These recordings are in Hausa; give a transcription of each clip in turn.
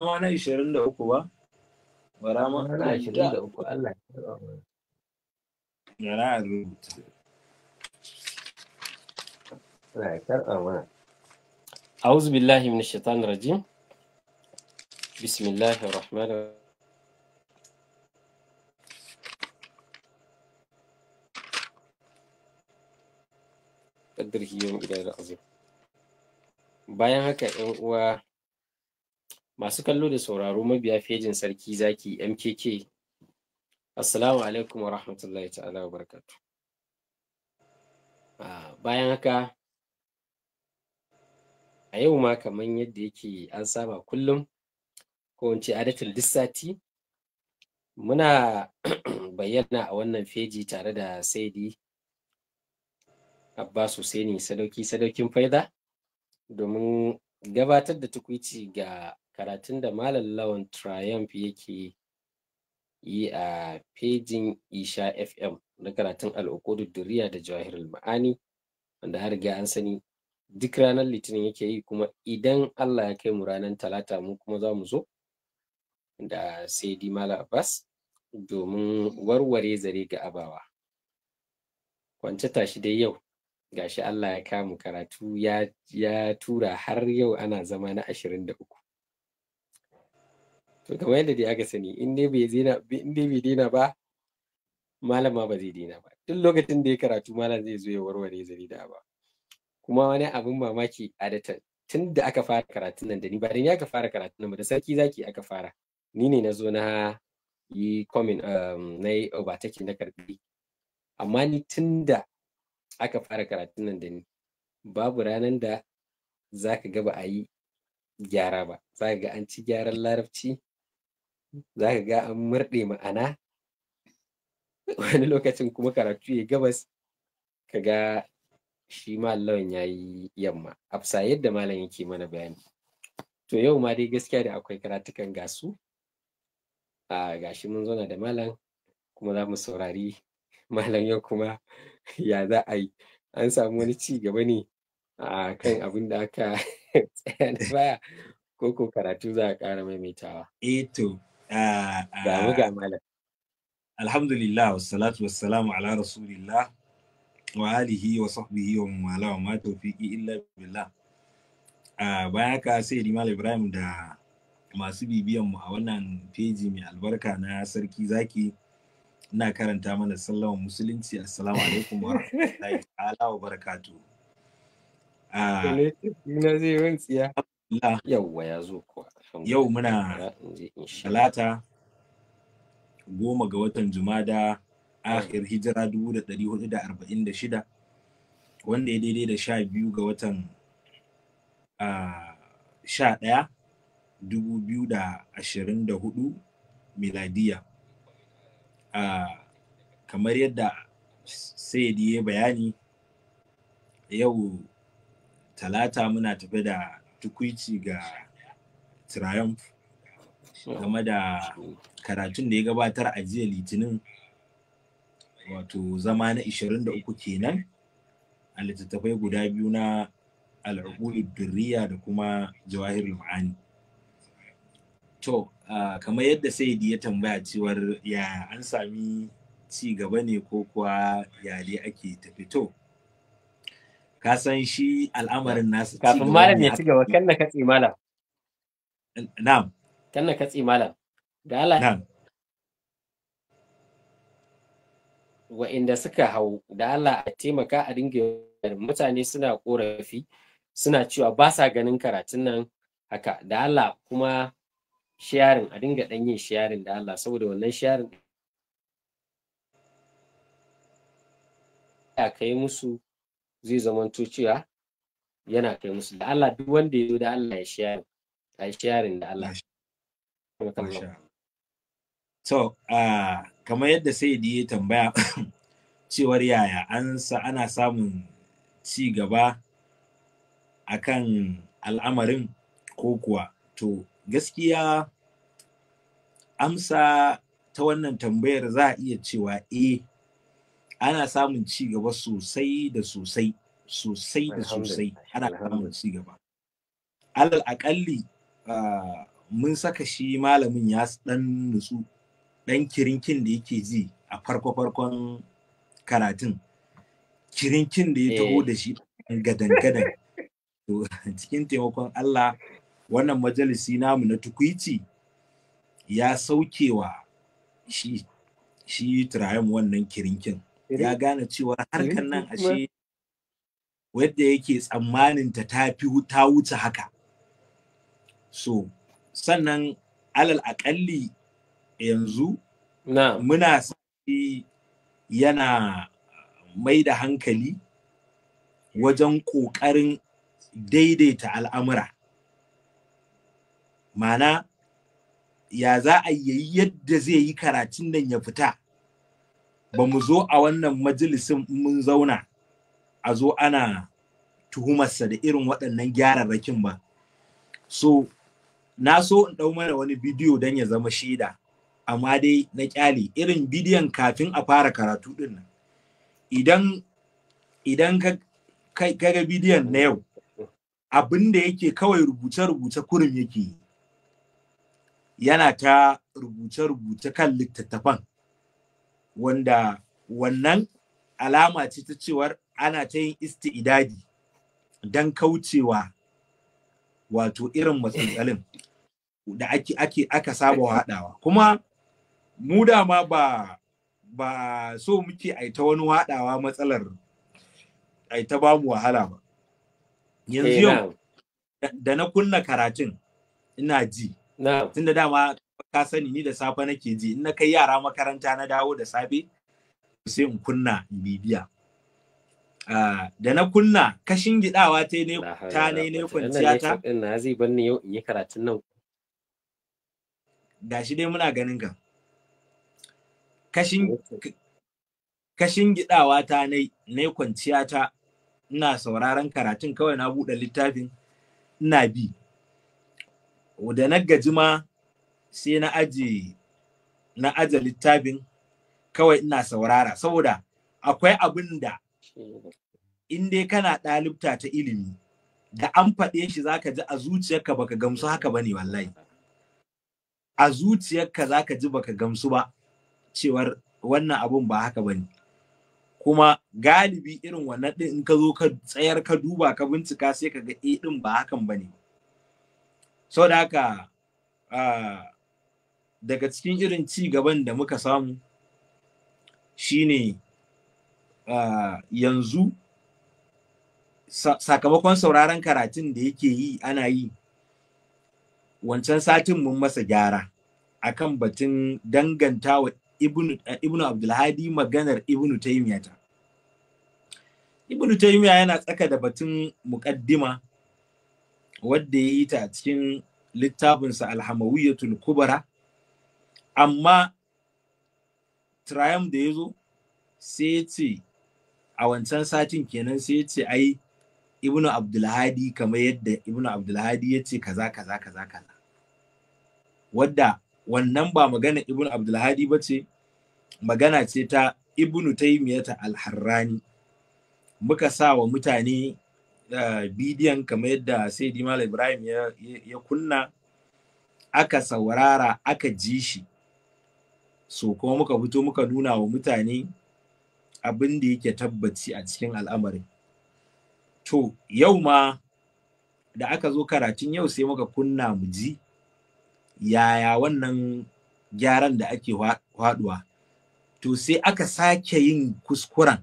na 23 ba bara ma na 23 Allah ya na rubuta Allah ya karɓa mana أعوذ بالله من الشيطان الرجيم بسم الله الرحمن الرحيم أدرك يوم إلى العظيم bayan haka Masu kallo da sauraro mabiya fejin sarki zaki MKK. Assalamu alaikum wa rahmatullahi ta'ala wa barakatu. Ah, bayan haka, a yau ma kamar yadda yake an saba kullum, ko in adatul duk muna bayyana a wannan feji tare da saidi Abbas husaini sadauki sadaukin faida domin gabatar da tukwici ga karatun da malam lawan triumph yake yi a fejin isha fm na karatun al'ukudu duriya da jawahirul ma'ani wanda har ga an sani duk ranar litinin yake yi kuma idan allah ya kai mu ranar talata mu kuma za mu zo da sai di malam abbas domin warware zare ga abawa kwance tashi dai yau gashi allah ya kamu karatu ya tura har yau ana zama na ashirin da uku to kamar yadda dai aka sani in dai bai daina ba malam ma ba zai daina ba duk lokacin da ya karatu malam zai zo ya warware zari da ba kuma wani abin mamaki da tun da aka fara karatun nan da ni ba ya aka fara karatun nan ba da sarki zaki aka fara ni ne na zo na yi komin, um, na yi obataki na karbi amma ni tun da aka fara karatun nan da ni babu ranar da za ka gaba a yi gyara ba za ga an ci gyaran larabci za ka ga an murɗe ma'ana wani lokacin kuma karatu ya gabas ka ga shi lawan ya yi yamma afsa yadda malam yake mana bayani to yau ma dai gaskiya da akwai karatukan gasu a gashi mun zauna da malam kuma za mu saurari malam yau kuma ya za a yi an samu wani ci gaba ne a kan abin da aka tsaya da baya ko ko karatu za a ƙara maimaitawa eh to ga malam alhamdulillah wassalatu wassalamu ala rasulillah wa alihi wa sahbihi wa mawala wa ma tawfiqi illa billah bayan haka sai Malam Ibrahim da masu bibiyan mu a wannan feji mai albarka na sarki zaki ina karanta mana sallama musulunci assalamu alaikum wa rahmatullahi ta'ala wa barakatuh ya zo kuwa. Yau muna talata goma ga watan Jumada akhir hijira dubu da ɗari hudu da arba'in da shida wanda ya daidai da sha biyu ga watan sha ɗaya dubu biyu da ashirin da hudu miladiya. Kamar yadda Sayyidi ya bayani yau talata muna tafi da tukuici ga triumph game da karatun da ya gabatar a jiya litinin wato zama na 23 kenan a littattafai guda biyu na al'ubu duriya da kuma jawahir ma'ani to kamar yadda saidi ya tambaya cewar ya an sami ci gaba ne ko kuwa ya dai ake tafi to ka san shi al'amarin nasu kafin malam ya ci gaba kan na katse malam na'am kan na katse malam da Allah na'am wa'inda suka hau da Allah a taimaka a dinga mutane suna korafi suna cewa ba sa ganin karatun nan haka da Allah kuma sharin a dinga dan yin sharin da Allah saboda wannan sharin a kai musu zai zamanto cewa yana kai musu da Allah duk wanda ya zo da Allah ya share a share da Allah so kamar yadda sai ya tambaya cewar yaya an sa ana samun ci gaba akan al'amarin ko kuwa to gaskiya amsa ta wannan tambayar za a iya cewa eh ana samun ci gaba sosai da sosai sosai da sosai ana samun ci gaba alal akalli ah, mun saka shi malamin ya dan nutsu dan kirinkin da yake ji a farko farkon karatun kirinkin da ya taho da shi gadan gadan cikin taimakon Allah wannan majalisi namu na tukwici ya saukewa shi shi turayen wannan kirinkin ya gane cewa harkar nan ashe wadda yake tsammanin ta tafi ta wuce haka so sannan alal aƙalli yanzu muna sai yana mai da hankali wajen ƙoƙarin daidaita al'amura mana ya za a yi yadda zai yi karatun nan ya fita ba mu zo a wannan majalisin mun zauna a zo ana tuhumarsa da irin waɗannan gyararrakin ba so na so in ɗau mana wani bidiyo don ya zama shaida amma dai na ƙyale irin bidiyon kafin a fara karatu ɗin nan idan idan ka ga bidiyon na yau abin da yake kawai rubuce-rubuce kurum yake yana ta rubuce-rubuce kan littattafan wanda wannan alama ce ta cewar ana ta yin isti'idadi don kaucewa wato irin matsalolin da ake ake aka saba haɗawa kuma mu dama ma ba ba so muke aita wani haɗawa matsalar aita babu wahala ba yanzu eh, yau da na kunna karatun ina ji tunda dama ka sani ni da safe nake ji in na kai yara makaranta na dawo da safe sai in kunna bibiya ah, da na kunna kashin gidawa ta ne ta ne ne kwanciya ta na zai bar ni yau in yi karatun nan gashi dai muna ganin ka kashin kashin gidawa ta ne ne kwanciya ta ina sauraron karatun kawai na buɗe littafin ina bi da na gaji ma sai na aji na aje littafin kawai ina saurara saboda akwai abin da in dai kana ɗalibta ta ilimi da an faɗe shi zaka ji a zuciyarka baka gamsu haka bane wallahi a zuciyarka zaka ji baka gamsu ba cewar wannan abun ba haka bane kuma galibi irin wannan din in ka zo ka tsayar ka duba ka bincika sai ka ga eh din ba hakan bane saboda haka ah, daga cikin irin ci gaban da muka samu shine uh, yanzu sakamakon sauraron karatun da yake yi ana yi wancan satin mun masa gyara akan batun danganta wa ibnu, ibnu abdulhadi maganar ibnu taimiyata ibnu taimiya yana tsaka da batun muƙaddima wadda ya yi ta cikin littafinsa alhamawiyatul kubara amma triumph da ya zo sai ya ce a wancan satin kenan sai ya ce ai ibnu abdulhadi kamar yadda ibnu abdulhadi ya ce kaza kaza kaza kaza wadda wannan ba magana ibnu abdulhadi ba ce magana ce ta ibnu taimiyata alharrani muka sa wa mutane eh, bidiyon kamar yadda sai dimal ibrahim ya kunna aka saurara aka ji shi so kuma muka fito muka nuna wa mutane abin da yake tabbaci a cikin al'amarin to yau ma da aka zo karatun yau sai muka kunna mu ji yaya wannan gyaran da ake haɗuwa to sai aka sake yin kuskuren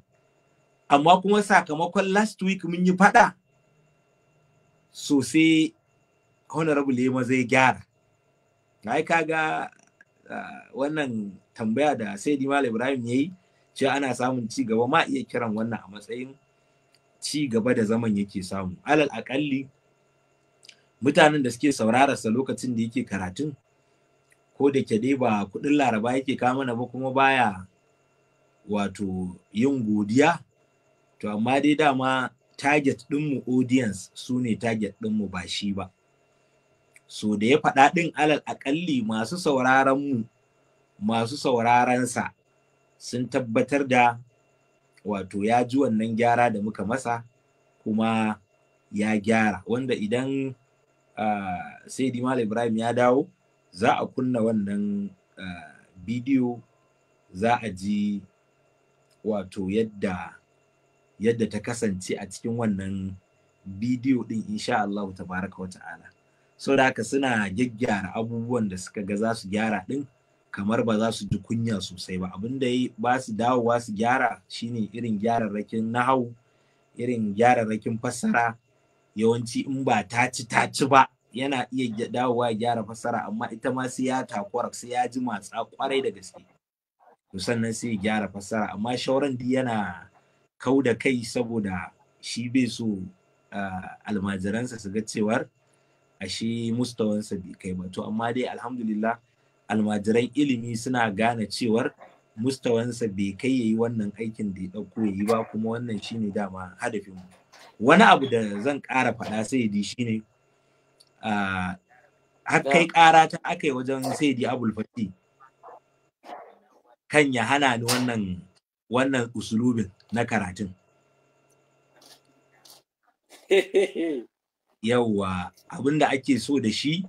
amma kuma sakamakon last week mun yi faɗa so sai honorable lema zai gyara na kaga wannan tambaya da saidi Mal Ibrahim ya yi cewa ana samun ci gaba ma iya kiran wannan a matsayin ci gaba da zaman yake samu alal akalli mutanen da suke saurararsa lokacin da yake karatun ko da ke dai ba kudin laraba yake kama na ba kuma baya wato yin godiya to amma dai dama target ɗinmu audience sune ne target ɗinmu ba shi ba so da ya faɗa ɗin alal aƙalli masu sauraron mu masu sa sun tabbatar da wato ya ji wannan gyara da muka masa kuma ya gyara wanda idan uh, sai dimal ibrahim ya dawo za a kunna wannan uh, bidiyo za a ji wato yadda yadda ta kasance a cikin wannan bidiyo din insha Allah tabaraka wa ta'ala so da suna gyaggyara abubuwan da suka ga za su gyara din kamar ba za su ji kunya sosai ba abin da ba su dawowa su gyara shine irin gyararrakin nahau irin gyararrakin fassara yawanci in ba ta ci ta ci ba yana iya dawowa ya gyara fassara amma ita ma sai ya takwara sai ya ji matsa kwarai da gaske to sannan sai gyara fassara amma shauran di yana kau da kai saboda shi bai so ah, almajiransa su ga cewar a shi mustawansa bai kai ba to amma dai alhamdulillah almajiran ilimi suna gane cewar mustawansa bai kai yayi wannan aikin da ya ɗauko yayi ba kuma wannan shine dama hadafin mu wani abu da zan ƙara faɗa sai shine har kai ƙara ta aka wajen sai di abul fati kan ya hana ni wannan wannan usulubin na karatun yawwa abin da ake so da shi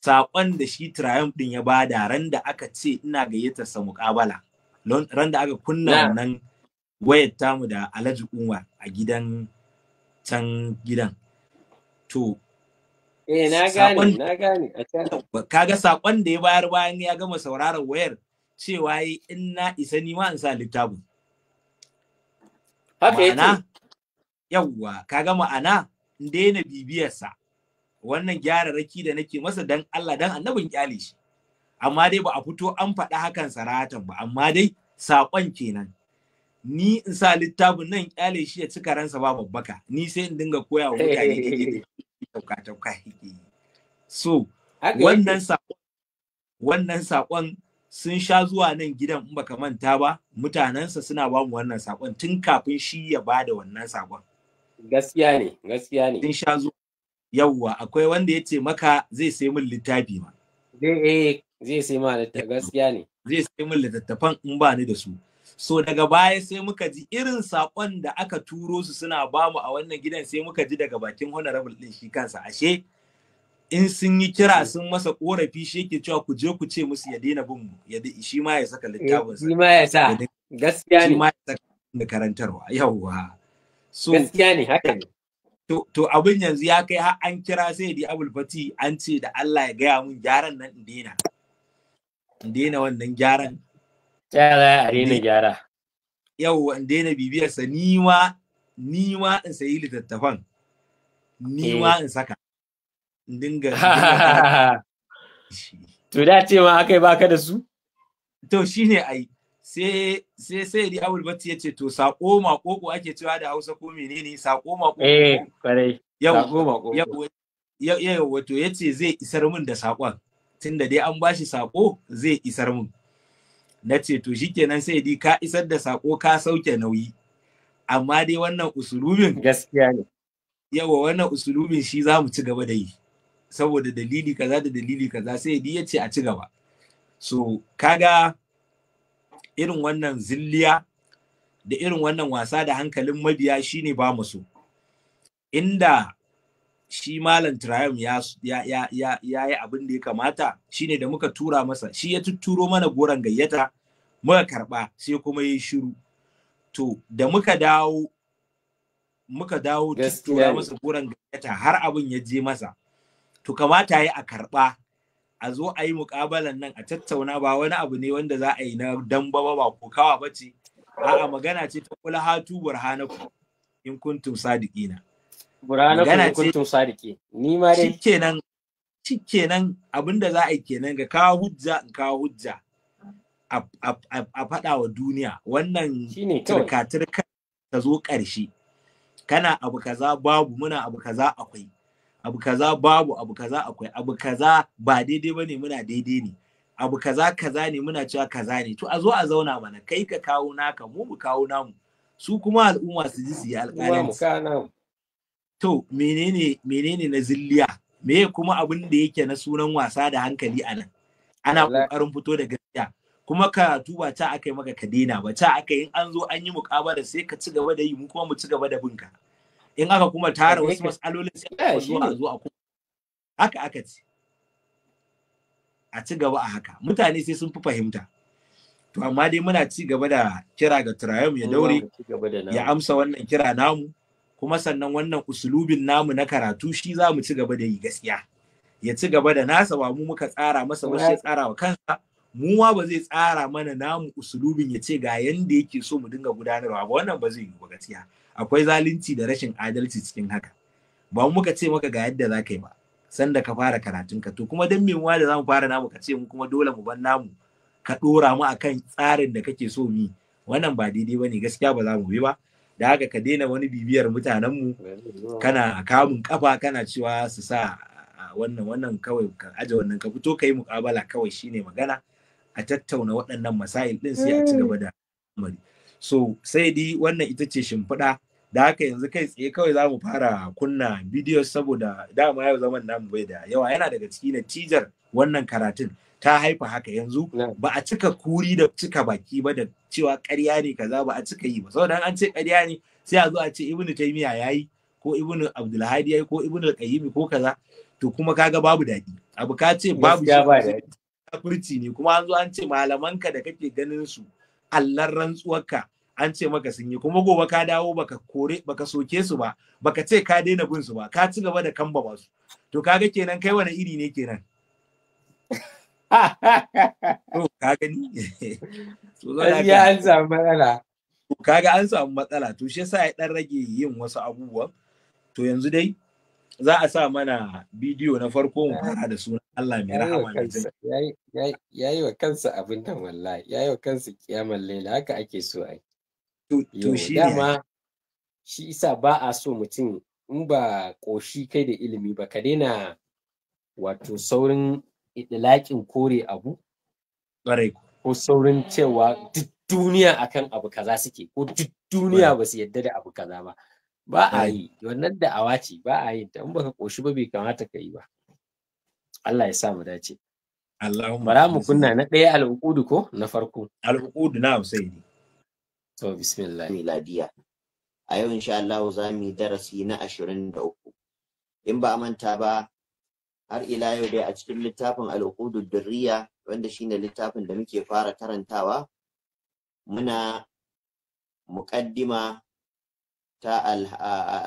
saƙon da shi triumph din ya bada ran da aka ce ina gayyata sa muƙabala ran da aka kunna wannan wayar tamu da Alhaji Umar a gidan can gidan to eh na gane na gane kaga saƙon da ya bayar bayan ya gama sauraron wayar cewa in na isa ni ma in sa littafin haka yake yawwa kaga ma'ana in daina bibiyarsa wannan raki da nake masa dan Allah dan annabin kyale shi amma dai ba a fito an faɗi hakan saratan ba amma dai saƙon kenan ni in sa littafin nan kyale shi ya cika ransa ba babbaka ni sai in dinga koya wa mutane tauka tauka so wannan saƙon wannan saƙon sun sha zuwa nan gidan in baka manta ba mutanensa suna ba mu wannan saƙon tun kafin shi ya bada wannan saƙon Gaskiya ne, gaskiya ne. din sha zo Yawwa, akwai wanda ya ce maka zai sai min littafi ma. Zai eh zai sai ma da gaskiya ne. Zai sai min littattafan in ba ni da su. So daga baya sai muka ji irin saƙon da aka turo su suna bamu a wannan gidan sai muka ji daga bakin honorable din shi kansa ashe in sun yi kira hmm. sun masa korafi shi yake cewa ku je ku ce musu ya daina bin mu ya shi ma ya saka eh, littafin shi ma ya sa gaskiya ne shi ma ya saka karantarwa yawwa so gaskiya ne haka ne to to abin yanzu ya kai har an kira sai di abul fati an ce da Allah ya gaya mun gyaran nan in daina in daina wannan gyaran gyara a daina gyara yau in daina bibiyar sa ni ma ni ma in sayi littattafan ni eh. ma in saka in dinga to da ce ma akai baka da su to shine ai sai sai sai di awul yace to sako makoko ake cewa da Hausa ko menene sako makoko eh kwarai sako makoko yau wato yace zai isar min da sakon tunda dai an bashi sako zai isar min na ce to shikenan sai di ka isar da sako ka sauke nauyi amma dai wannan usulubin gaskiya ne yawa wannan usulubin shi za mu ci gaba da yi saboda dalili kaza da dalili kaza sai di ce a ci gaba so kaga irin wannan zilliya da irin wannan wasa da hankalin mabiya shine ba mu so inda shi malam Trayam ya ya ya ya yi abin da ya kamata shine da muka tura masa shi ya tutturo mana goron gayyata muka karba sai kuma yi shiru to da muka dawo muka dawo tuttura masa goron gayyata har abin ya je masa to kamata ya a karba a zo a yi mukabalan nan a tattauna ba wani abu ne wanda za a yi na damba ba ba ko kawa ba ce a'a magana ce ta kula hatu burhanaku in kuntum sadiqina burhanaku in kuntum sadiqi ni ma dai shikenan shikenan abinda za a yi kenan ga kawo hujja in kawo hujja a faɗa wa duniya wannan turka-turka ta zo ƙarshe kana abu kaza babu muna abu kaza akwai abu kaza babu abu kaza akwai abu kaza ba daidai ba ne, muna daidai ne abu kaza kaza ne muna cewa kaza ne to a zo a zauna mana kai ka kawo naka mu mu kawo namu su kuma al'umma su ji su yi alƙalin to menene menene na zilliya me kuma abin da yake na sunan wasa da hankali a nan ana ƙoƙarin fito da gaskiya kuma karatu ba ta aka yi maka ka daina ba ta aka yi an zo an yi mukabara sai ka ci gaba da yi mu kuma mu ci gaba da binka. in aka kuma tara wasu matsalolin sai eh, a zuwa kuma haka aka ce a ci gaba a haka mutane sai sun fi fahimta to amma dai muna ci gaba da kira ga Turayum ya daure ya amsa wannan kira namu kuma sannan wannan usulubin namu na karatu shi za mu ci gaba da yi gaskiya ya ci gaba da nasa ba mu muka tsara masa wasu ya tsara wa kansa mu ma ba zai tsara mana namu usulubin ya ce ga yanda yake so mu dinga gudanarwa ba wannan ba zai yi ba gaskiya akwai zalunci da rashin adalci cikin haka ba mu muka ce maka ga yadda za ka yi ba sanda ka fara karatun ka to kuma dan wa da zamu fara namu ka ce mu kuma dole mu bar namu ka dora mu akan tsarin da kake so mu wannan ba daidai bane gaskiya ba za mu bi ba da haka ka daina wani bibiyar mutanen mu kana kamun kafa kana cewa su sa wannan wannan kawai ka aje wannan ka fito kai mukabala kawai shine magana a tattauna waɗannan masail din sai a ci gaba da mari so sai dai wannan ita ce shimfiɗa da haka yanzu kai tsaye kawai za mu fara kunna bidiyo saboda dama yau zaman namu bai da yawa yana daga ciki natijar wannan karatun ta haifa haka yanzu ba a cika kuri da cika baki ba da cewa ƙarya ne kaza ba a cika yi ba saboda an ce ƙarya ne sai a zo a ce ibnu taymiya yayi ko ibnu abdulhadi yayi ko ibnu qayyim ko kaza to kuma kaga babu daɗi abu ka ce babu kafirci ne kuma an zo an ce malamanka da kake ganin su allan rantsuwarka an ce maka sun yi kuma gobe ka dawo baka kore baka soke su ba baka ce ka daina bin su ba ka ci gaba da kamba ba su to kaga kenan kai wani iri ne kenan to kaga ni to ya an samu matsala to kaga an samu matsala to shi yasa ya dan rage yin wasu abubuwa to yanzu dai za a sa mana bidiyo na farko mu fara da suna Allah mai rahama mai yayi yayi wa kansa abin da wallahi yayi wa kansa kiyamar laila haka ake so ai to shi dama shi isa ba a so mutum in ba ƙoshi kai da ilimi ba ka daina wato saurin idilakin kore abu ko saurin cewa duk duniya akan abu kaza suke ko duk duniya ba su yadda da abu kaza ba ba a yi wannan da'awa ce ba a yi ta in baka ƙoshi ba bai kamata ka yi ba Allah ya sa mu dace Allahumma bara mu kunna na ɗaya al'uqudu ko na farko al'uqudu na sai To bismillah. Miladiya. A yau insha Allah za mu yi darasi na ashirin da uku. In ba a manta ba har ila yau dai a cikin littafin al'uqudud dirriya wanda shine littafin da muke fara karantawa muna muƙaddima ta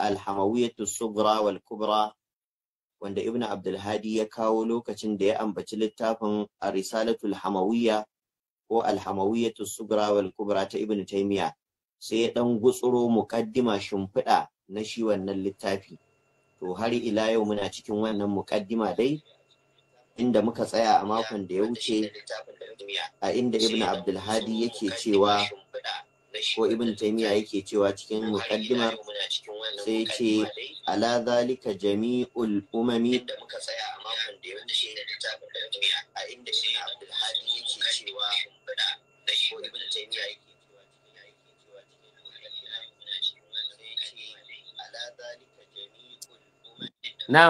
alhamawiyatu sugra wal kubra wanda ibnu abdulhadi ya kawo lokacin da ya ambaci littafin a risalatul hamawiyya ko alhamawiyatu sugra wal kubra ta ibnu taymiya sai ya dan gutsuro muqaddima shimfiɗa na shi wannan littafi to har ila yau muna cikin wannan muqaddima dai inda muka tsaya a makon da ya wuce a inda ibn abdulhadi yake cewa ko ibn taymiya yake cewa cikin muqaddimar sai ce ala zalika jami'ul umami da a makon da ya wuce a inda ibn abdulhadi yake cewa da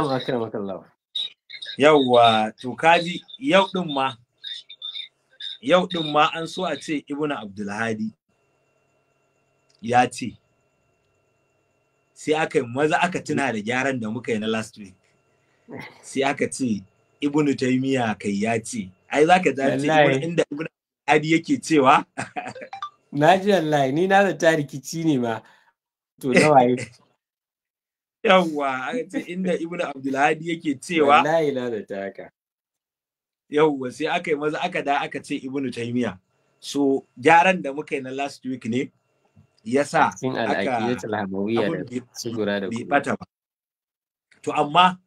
da shi Yawwa to kaji yau din ma yau din ma an so a ce Ibn Abdulhadi ya ce sai aka maza aka tuna da gyaran da muka yi na last week sai aka ce Taymiya kai ya ce ai zaka ji inda Ibn adi yake cewa na ji wallahi ni na ta rikici ne ma to waye. yawwa aka ce inda Ibn abdulhadi yake cewa wallahi na zata haka yawwa sai aka yi maza aka da aka ce Ibn taymiya so gyaran da muka yi na last week ne ya sa aka bai bata ba to amma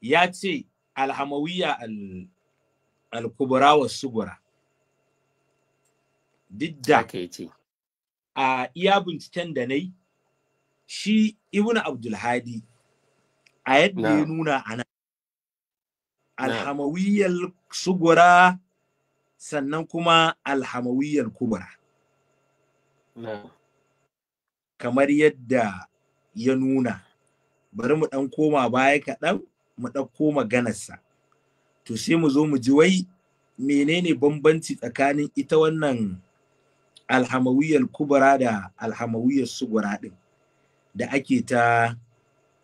ya ce alhamawiya al kubura wa sugura duk a iya binciken da na yi shi ibnu abdulhadi a yadda ya nuna a nan alhamawiyyar sugura sannan kuma alhamawiyar kubura kamar yadda ya nuna bari mu ɗan koma baya kaɗan mu koma ganarsa to sai mu zo mu ji wai menene bambanci tsakanin ita wannan alhamawiyar kubura da alhamawiyar sugura ɗin da ake ta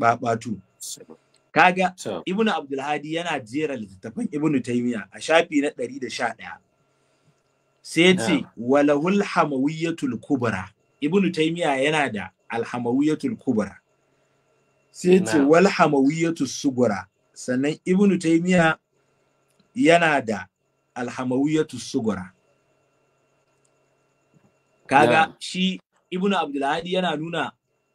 ɓaɓatu. Kaga ga Ibn Abdulhadi yana jera littattafan Ibn Taymiyyah a shafi na ɗari da sha ɗaya. Sai ce, walahul hamawiyatul Kubara. Ibn Taymiyyah yana da alhamawiyatul kubra Sai ce, wal hamawiyatul sugura. Sannan Ibn Taymiyyah yana da alhamawiyatul sugura. kaga shi ibnu abdulhadi yana nuna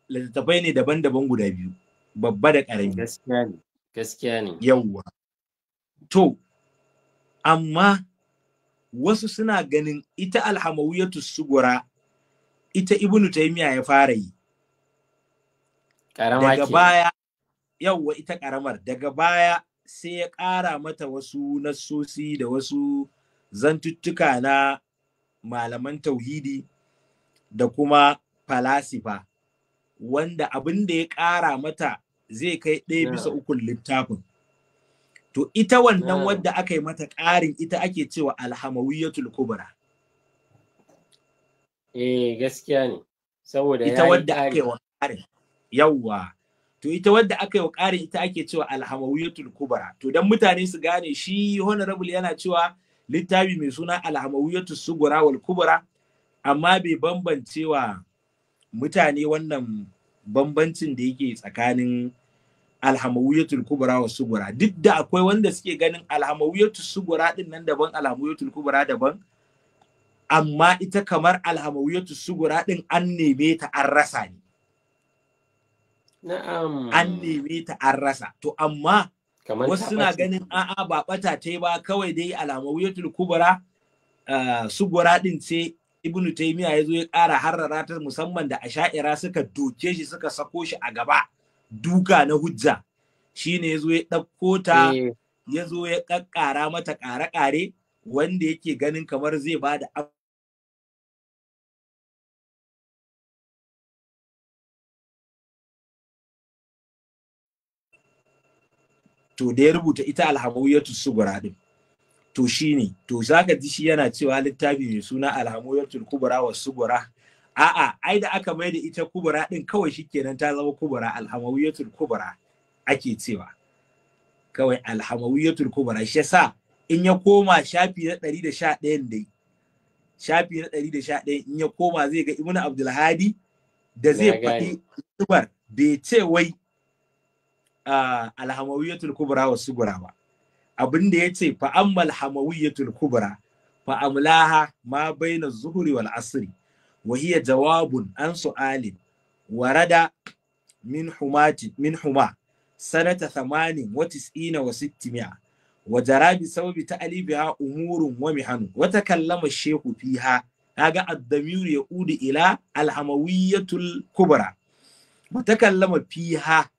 littattafai ne daban-daban guda biyu babba da ƙarami gaskiya ne gaskiya ne yawwa to amma wasu suna ganin ita alhamawiyatu sugura ita ibnu taymiya ya fara yi karama daga baya yawwa ita karamar daga baya sai ya ƙara mata wasu nassosi da wasu zantuttuka na malaman tauhidi da kuma falasifa wanda abin da ya ƙara mata zai kai ɗaya bisa ukun littafin. To ita wannan wadda aka yi mata ƙarin ita ake cewa alhamawiyatul kubra. Eh gaskiya ne. Saboda ita wadda aka yi wa ƙarin. Yawwa. To ita wadda aka yi wa ƙarin ita ake cewa alhamawiyatul kubra. To dan mutane su gane shi honorable yana cewa littafi mai suna alhamawiyatul sugura wal kubra amma bai bambance wa mutane wannan bambancin da yake tsakanin alhamawiyatul kubra wa sugura duk da akwai wanda suke ganin alhamawiyatul sugura din nan daban alhamawiyatul kubra daban amma ita kamar alhamawiyatul sugura din an neme ta an rasa ne na'am an neme ta an rasa to amma wasu suna ganin a'a ba bata ta ba kawai dai alhamawiyatul kubra uh, sugura din ce ibnu taymiya ya zo ya ƙara harrara ta musamman da asha'ira suka doke shi suka sako shi a gaba duka na hujja shine ya zo ya ɗauko ta eh. ya zo ya ƙaƙƙara mata ƙare-ƙare wanda yake ganin kamar zai ba da to da ya rubuta ita alhamuyatu sugura din to shi ne to zaka ji shi yana cewa littafi mai suna alhamuyatul kubra wa sugura a'a ai da aka mai da ita kubra din kawai shikenan ta zama kubra alhamawiyatul kubra ake cewa kawai alhamawiyatul kubra shi yasa in ya koma shafi na 111 dai shafi na 111 in ya koma zai ga ibnu abdulhadi da zai faɗi kubar bai ce wai ah, alhamawiyatul kubra wa sugura ba abin da ya ce fa’ammal hamawiyyatul kubra fa’amulaha ma baina zuhuri wal asiri wa hiya jawabun an su’alin warada min huma sanata thamanin wa tis'ina wa sittimiya wa jarabi sababi ta alibiya umurun wa mihanu hannu. Wata kallama shehu fiha ga addamiru ya udi ila alhamawiyyatul kubra Wata ta kallama fiha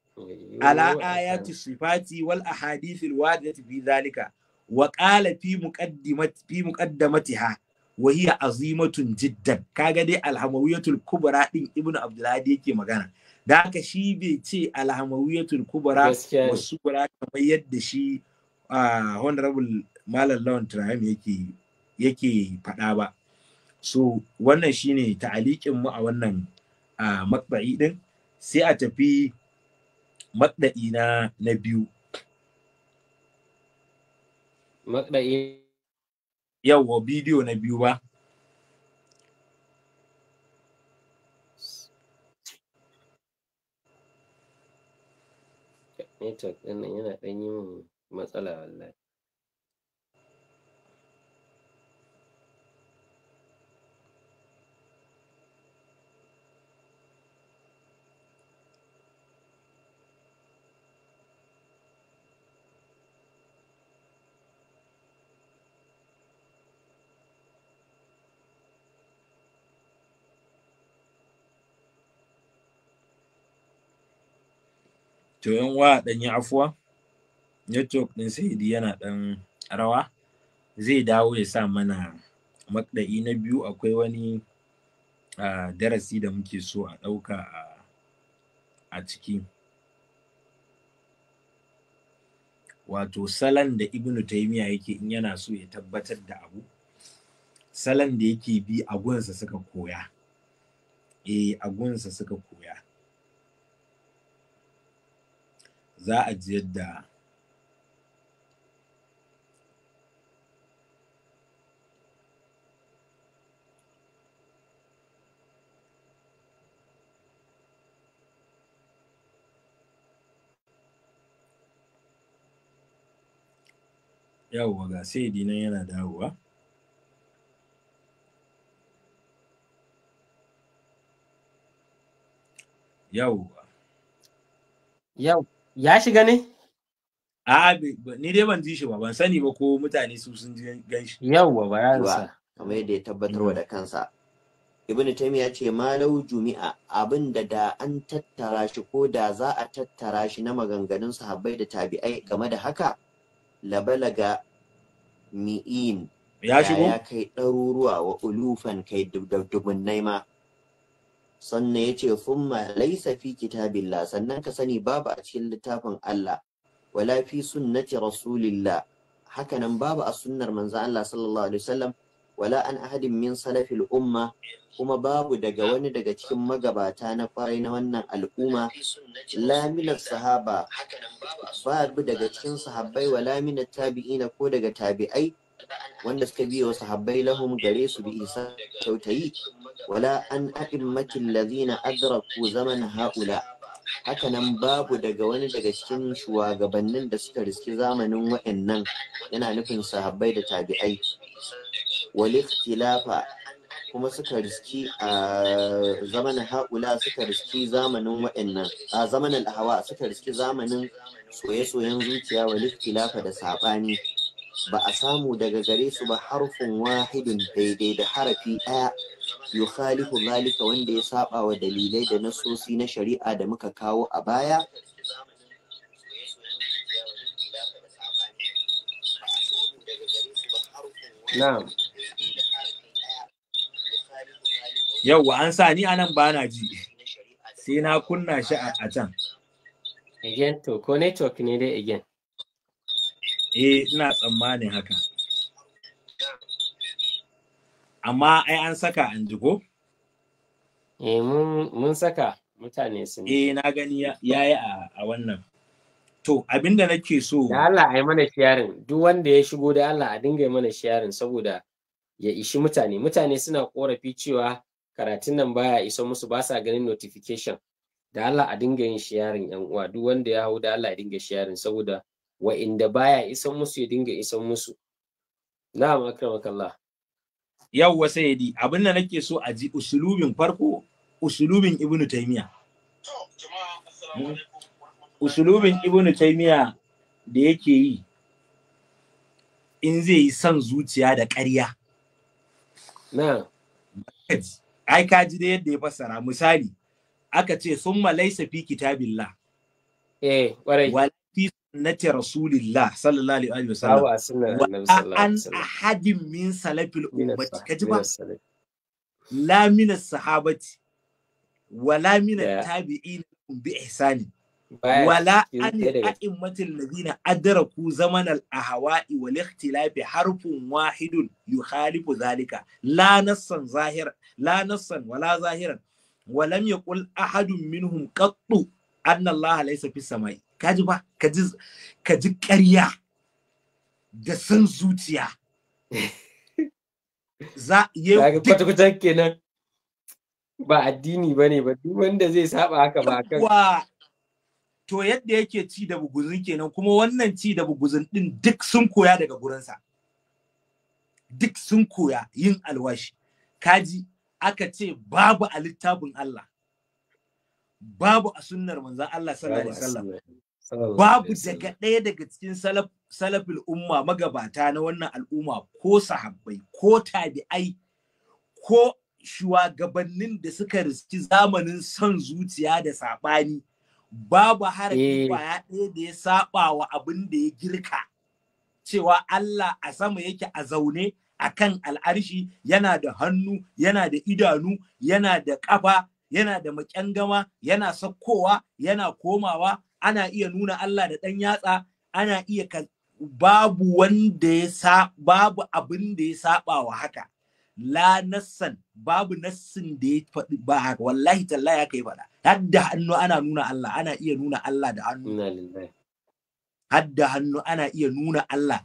ala ayati sifati wal ahadithil wadati fi zalika wa qala fi muqaddimati fi muqaddamatiha wa hiya azimatun jiddan kaga dai alhamawiyatul kubra din ibnu abdullahi yake magana da haka shi bai ce alhamawiyatul kubra wasu kubra kamar yadda shi honorable malam lawan Trahim yake yake faɗa ba so wannan shine ta'alikin mu a wannan makba'i din sai a tafi matsayi na na biyu matsayi yawa bidiyo na biyu ba network ɗin nan yana ɗan yi matsala wallahi to yan uwa dan yi afuwa network din sa'idi yana dan rawa zai dawo ya sa mana makda'i na biyu akwai wani darasi da muke so a ɗauka a ciki wato salon da ibnu taimiya yake in yana so ya tabbatar da abu salon da yake bi agunsa suka koya eh agunsa suka koya za a ji yadda yawwa ga sai nan yana dawowa yawwa yawwa ya shiga ne a'a ni dai ban ji shi ba ban sani ba ko mutane su sun gan shi yawwa bayansa kamar yadda ya tabbatarwa mm. da kansa ibn ya ce malau jumi'a abin da da an tattara shi ko da za a tattara shi na maganganun sahabbai da tabi'ai game da haka labalaga mi'in ya shigo ya kai ɗaruruwa wa ulufan kai dubdubunnai ma sannan ya ce summa laisa fi kitabillah sannan ka sani babu a cikin littafin Allah wala fi sunnati rasulillah haka nan babu a sunnar manzo Allah sallallahu alaihi wasallam wala an ahadin min salafil umma kuma babu daga wani daga cikin magabata na kwarai na wannan al'umma laminar sahaba babu daga cikin sahabbai wa laminar tabi'ina ko daga tabi'ai wanda suka biyo sahabbai lahum gare su bi isa kyautayi. wala an a'immatil ladina adraku zaman haula haka nan babu daga wani daga cikin shugabannin da suka riski zamanin wa'annan yana nufin sahabbai da tabi'ai walikhtilafa kuma suka riski a zamanin haula suka riski zamanin a zamanin hawa suka riski zamanin soye-soyen zuciya lafa da saɓani ba a samu daga gare su ba harfin wahidin daidai da harafi ɗaya yukhalifu zalika wanda ya saba wa dalilai da nasosi na shari'a da muka kawo a baya Yau, wa an sa ni anan ba na ji. Sai na kunna shi a can. Again to ko network ne dai again. Eh, ina tsammanin haka. Amma ai an saka an jigo? Eh, mun saka mutane su Eh, na gani ya yi a wannan. To, abinda nake so. Da Allah ai mana sharing, duk wanda ya shigo da Allah a dinga mana sharing saboda ya ishi mutane. Mutane suna korafi cewa karatun nan baya iso musu ba sa ganin notification. Da Allah a dinga yin sharing yan uwa, duk wanda ya hau da Allah a dinga sharing saboda wa'inda baya isan musu ya dinga isan musu na'am akramakallah yawwa sayyidi abin da nake so a ji usulubin farko usulubin ibnu taymiya usulubin ibnu taymiya da yake yi in zai yi son zuciya da ƙarya na'am ai ka ji da yadda ya fassara misali aka ce sun laisa fi kitabillah eh warai sunnati rasulillah sallallahu alaihi wasallam wa an ahadin min salafil ummati kaji ba la min sahabati wala min tabi'in bi ihsani wala an a'immatil ladina adraku zaman al ahwa'i wal ikhtilafi harfun wahidun yukhalifu zalika la nassan zahir la nassan wala zahiran ولم يقل ahadun minhum قط أن الله ليس Kaji ba ka ji ƙarya da san zuciya za ya kwata-kwata kenan ba addini ba ne ba duk wanda zai saba haka ba kan to yadda yake ci da buguzin kenan kuma wannan ci da buguzin din duk sun koya daga gurinsa duk sun koya yin alwashi kaji aka ce babu a littafin Allah babu a sunnar manzon Allah sallallahu alaihi wasallam babu daga ɗaya daga cikin salaf salafil umma magabata na wannan al'umma ko sahabbai ko tabi'ai ko shugabannin da suka riski zamanin son zuciya da saɓani babu harafi kwaya eh. ɗaya da ya saɓa wa abin da ya girka cewa Allah a sama yake a zaune a kan al'arshi yana da hannu yana da idanu yana da ƙafa yana da makyangama yana sakkowa yana komawa ana iya nuna Allah da ɗan yatsa ana iya babu wanda ya sa babu abin da ya saba wa haka la nassan babu nassin da ya faɗi ba haka wallahi tallahi ya kai faɗa hadda hannu ana nuna Allah ana iya nuna Allah da hannu hadda hannu ana iya nuna Allah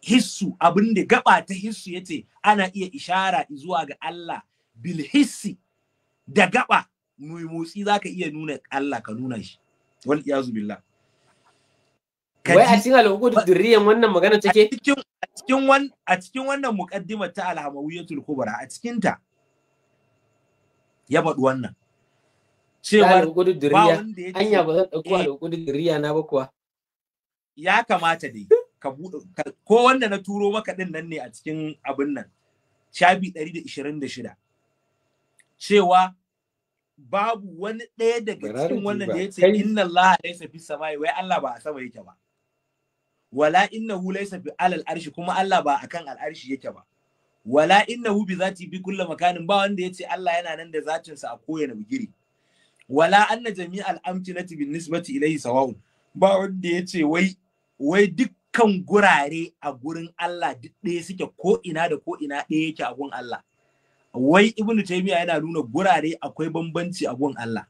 hissu abin da gaba ta hissu yace ana iya ishara zuwa ga Allah bil hissi da gaba mai motsi zaka iya nuna Allah ka nuna shi wal iyazu billah wai a cikin al'ukudu durriyan wannan magana take a cikin wan a cikin wannan muqaddimar ta alhamawiyatul kubra a cikin ta ya faɗi wannan cewa al'ukudu durriya anya ba zan dauko eh. al'ukudu durriya na ba kuwa ya kamata dai ka buɗe ko wanda na turo maka din nan ne a cikin abin nan shabi 126 cewa babu wani ɗaya daga cikin wannan da ya ce inna Allah laysa fi samai wai Allah ba a sama yake ba wala innahu laysa bi alal arshi kuma Allah ba akan al arshi yake ba wala innahu bi zati bi kulli makanin ba wanda yace Allah yana nan da zatin sa a koyana bigiri wala anna jami'al amtinati bin nisbati ilayhi sawa'un ba wanda yace wai wai dukkan gurare a gurin Allah duk ɗaya suke ko ina da ko ina ɗaya yake a gun Allah wai Ibn taymiya yana nuna gurare akwai bambanci a gun Allah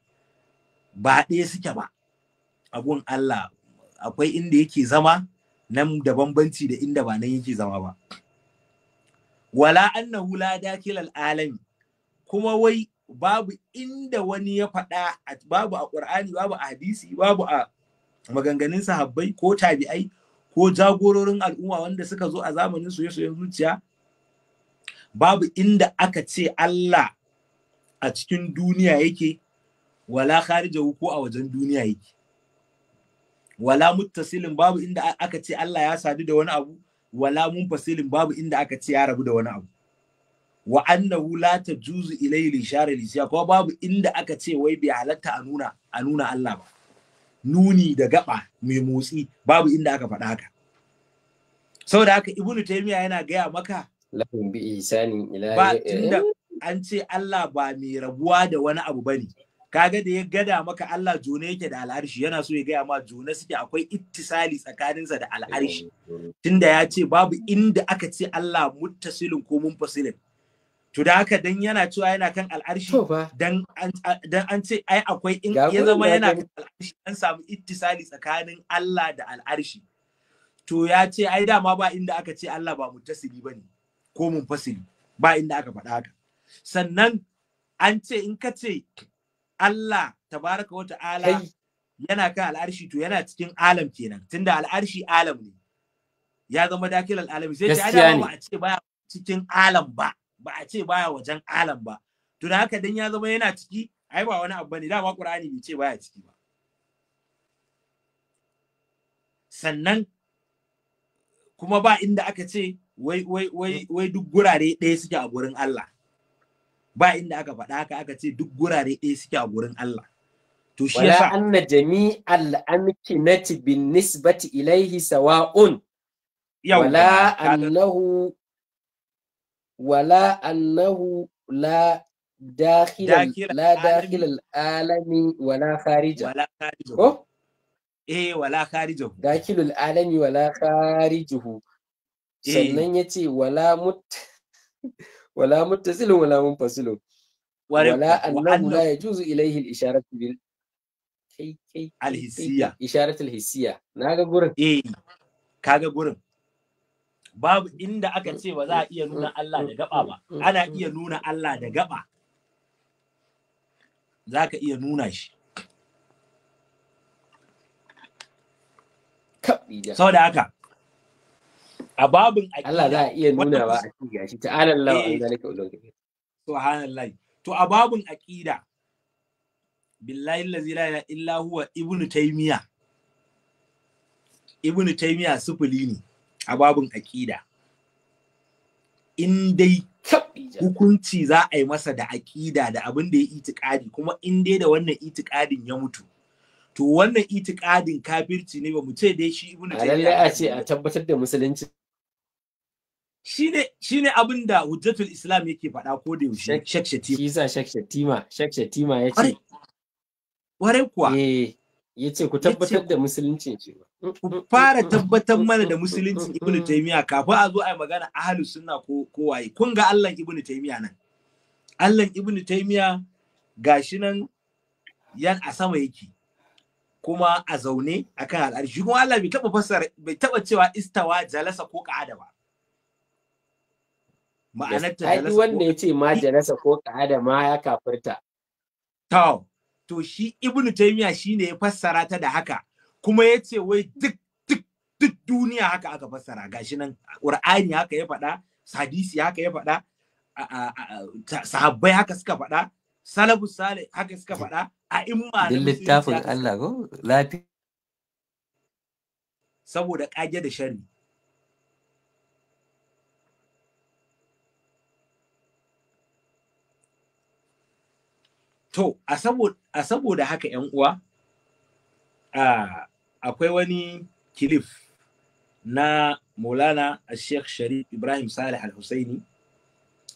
ba ɗaya suke ba a gun Allah akwai inda yake zama nan da bambanci da inda ba nan yake zama ba wala annahu la dakil al alami kuma wai babu inda wani ya faɗa babu a ƙur'ani babu a hadisi babu a maganganun sahabbai ko tabi'ai ko jagororin al'umma wanda suka zo a zamanin soyayya soyen zuciya babu inda aka ce Allah a cikin duniya yake wala kharija ko a wajen duniya yake wala muttasilin babu inda aka ce Allah ya sadu da wani abu wala munfasilin babu inda aka ce ya rabu da wani abu wa annahu la tajuzu ilayhi lishara lisiya ko babu inda aka ce wai bai halatta a nuna a nuna Allah ba nuni da gaba mai motsi babu inda aka faɗa haka saboda haka ibnu taymiya yana gaya maka lahum bi isani ilahi ba tunda an ce Allah ba mai rabuwa da wani abu bane kaga da ya gada maka Allah jone yake da al'arshi yana so ya gaya ma jone suke akwai ittisali tsakaninsa da al'arshi tunda ya ce babu inda aka ce Allah muttasilin ko munfasilin to da haka dan yana cewa yana kan al'arshi dan dan an ce ai akwai in ya zama yana kan al'arshi an samu ittisali tsakanin Allah da al'arshi to ya ce ai dama ba inda aka ce Allah ba muttasili bane ko munfasili ba inda aka faɗa haka sannan an ce in ka ce Allah tabaraka wa ta'ala yana kan al'arshi to yana cikin alam kenan tunda al'arshi alam ne ya zama dakil al'alami sai ce ai ba a ce baya cikin alam ba ba a ce baya wajen alam ba to da haka dan ya zama yana ciki ai ba wani abu bane dama Qur'ani bai ce baya ciki ba sannan kuma ba inda aka ce wai wai wai mm. wai duk gurare ɗaya suke a gurin Allah ba inda aka faɗa haka aka ce duk gurare ɗaya suke a gurin Allah to shi yasa wala anna jami'al amki nati bin nisbati ilaihi sawa'un wala annahu wala annahu la dakhil la dakhil al-alami wala kharija wala kharija eh wala kharijahu dakhilul alami wala kharijuhu sannan eh. ya ce wala silin wala mun fasilo wala annan la ya juzu ilaihi isharatu bil kai kai al-hissiya isharatul hissiya gurin eh kaga gurin babu inda aka ce ba za a iya nuna Allah da gaba ba ana iya nuna Allah da gaba za ka iya nuna shi sau da haka a babin aqida Allah za a iya nuna ba a ci gashi ta'ala Allah an eh. zalika ulul subhanallah to a babin aqida billahi allazi la ilaha illa huwa ibnu taymiya ibnu taymiya sufuli ne a babin aqida in dai hukunci za a yi masa da aƙida da abin da ya itikadi kuma in dai da wannan itikadin ya mutu to wannan itikadin kafirci ne ba mu ce dai shi ibnu taymiya a ce a tabbatar da musulunci shine shine abin da hujjatul islam yake faɗa ko da yaushe shek shatima shi shek shatima shek shatima yace ware kuwa eh ce ku tabbatar da musulunci ku fara tabbatar mana da musulunci ibnu taymiya kafin a zo a yi magana ahlus sunna ko ko waye kun ga Allah ibnu taymiya nan Allah ibnu taymiya gashi nan yan a sama yake kuma a zaune akan al'arshi kuma Allah bai taba fassara bai taba cewa istawa jalasa ko ka'ada ba ma'anar ta jalasa wanda ya ce ma janasa ko ka'ada ma ya kafirta to to shi ibnu taymiya ne ya fassara ta da haka kuma ya ce wai duk duk duk duniya haka aka fassara gashi nan qur'ani haka ya faɗa Sadisi haka ya faɗa sahabbai haka suka faɗa salabu sale haka suka faɗa a imma da littafin Allah ko lafiya saboda kage da sharri to a saboda haka yan uwa akwai wani kilif na Maulana Sheikh Sharif Ibrahim Salih Al-Husaini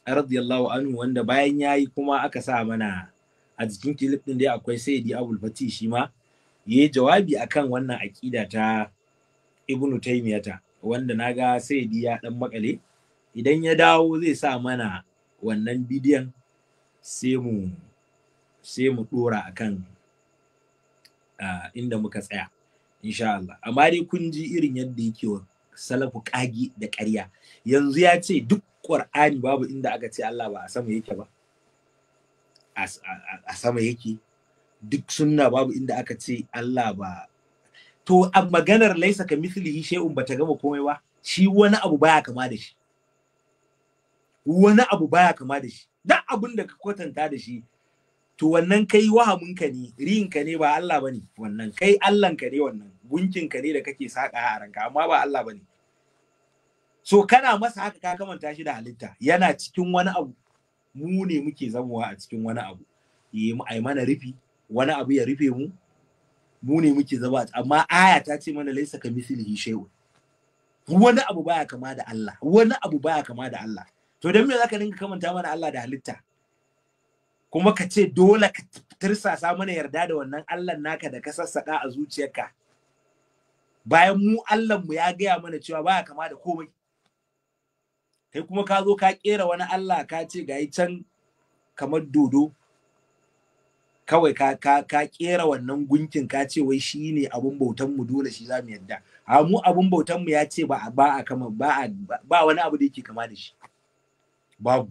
radiyallahu anhu wanda bayan yayi kuma aka sa mana a jikin kilif din dai akwai Sayyidi Abul Fatih shi ma yayi jawabi akan wannan aƙida ta Ibn Taymiyata wanda na naga Sayyidi ya ɗan makale idan ya dawo zai sa mana wannan bidiyon sai mu sai mu dora akan uh, inda muka tsaya insha Allah amma dai kun ji irin yadda yake wa salafu kagi da ƙarya yanzu ya ce duk ƙwar'ani babu inda aka ce Allah ba a sama yake ba a sama yake duk sunna babu inda aka ce Allah ba to a maganar laisa ka mithlihi shay'un bata gama komai ba shi wani abu baya kama da shi wani abu baya kama da shi Dan abin da ka kwatanta da shi to wannan kai wahamunka ne riyinka ne ba Allah bane wannan kai Allahnka ne wannan gunkinka ne da kake saka a ranka amma ba Allah bane so kana masa haka ka kamanta shi da halitta yana cikin wani abu mu ne muke zamowa a cikin wani abu yi eh, ai mana rufi wani abu ya rufe mu mu ne muke zama amma aya ta ce mana laisa ka mislihi shay'un wani abu baya kama da Allah wani abu baya kama da Allah to dan me zaka dinga kamanta mana Allah da halitta kuma ka ce dole ka tirsasa mana yarda da wannan Allah naka da ka sassaka a zuciyarka bayan mu mu ya gaya mana cewa baya kama da komai kai kuma ka zo ka kera wani Allah ka ce ga can kamar dodo kawai ka ka ka kera wannan gunkin ka ce wai shi ne abun bautan mu dole shi za mu yarda a mu abun bautan mu ya ce ba ba a kama ba ba wani abu da yake kama da shi babu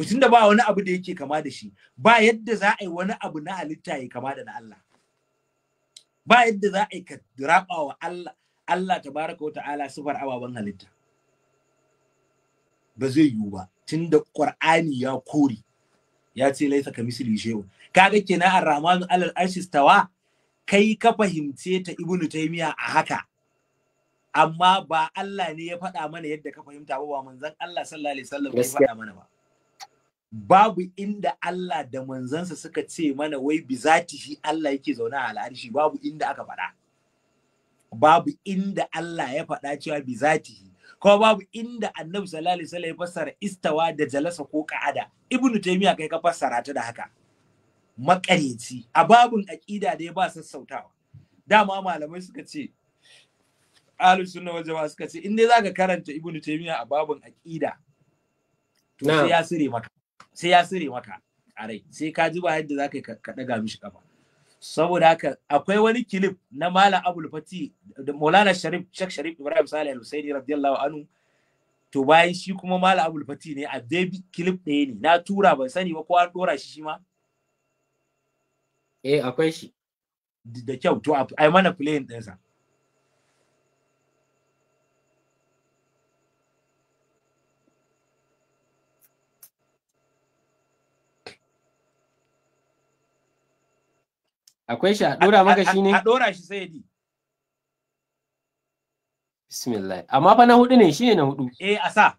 to tunda ba wani abu da yake kama da shi ba yadda za a yi wani abu na halitta ya kama da na Allah ba yadda za a yi ka raba wa Allah Allah tabaraka wa ta'ala sifar ababen halitta ba zai yiwu ba tunda Qur'ani ya kori ya ce laisa ka misli shay'un kaga kenan ar-rahmanu alal arshi stawa kai ka fahimce ta ibnu taymiya a haka amma ba Allah ne ya faɗa mana yadda ka fahimta ba ba manzon Allah sallallahu alaihi wasallam ya faɗa mana ba babu inda Allah da manzansa suka ce mana wai zati shi Allah yake zaune a al'arshi babu inda aka faɗa babu inda Allah ya faɗa cewa shi. kuma babu inda annabi sallallahu alaihi wasallam ya fassara istawa da jalasa ko ka'ada ibnu taymiya kai ka fassara ta da haka makareci a babun aqida da ya ba sassautawa dama malamai suka ce ahlus sunna wal jama'a suka ce in dai zaka karanta ibnu taymiya a babun aqida to sai ya sire maka sai ya sire maka a rai sai ka ji ba yadda za ka ɗaga mishi kafa saboda haka akwai wani kilif na malam abul fati da maulana sharif shek sharif ibrahim salih al-husaini radiyallahu anhu to bayan shi kuma malam abul fati ne a baby kilif ɗaya ne na tura ban sani ba ko an ɗora shi shi ma eh akwai shi da kyau to ai mana filayin ɗinsa akwai shi a dora maka shi ne a dora shi sai di bismillah amma fa na hudu ne shi ne na hudu eh a sa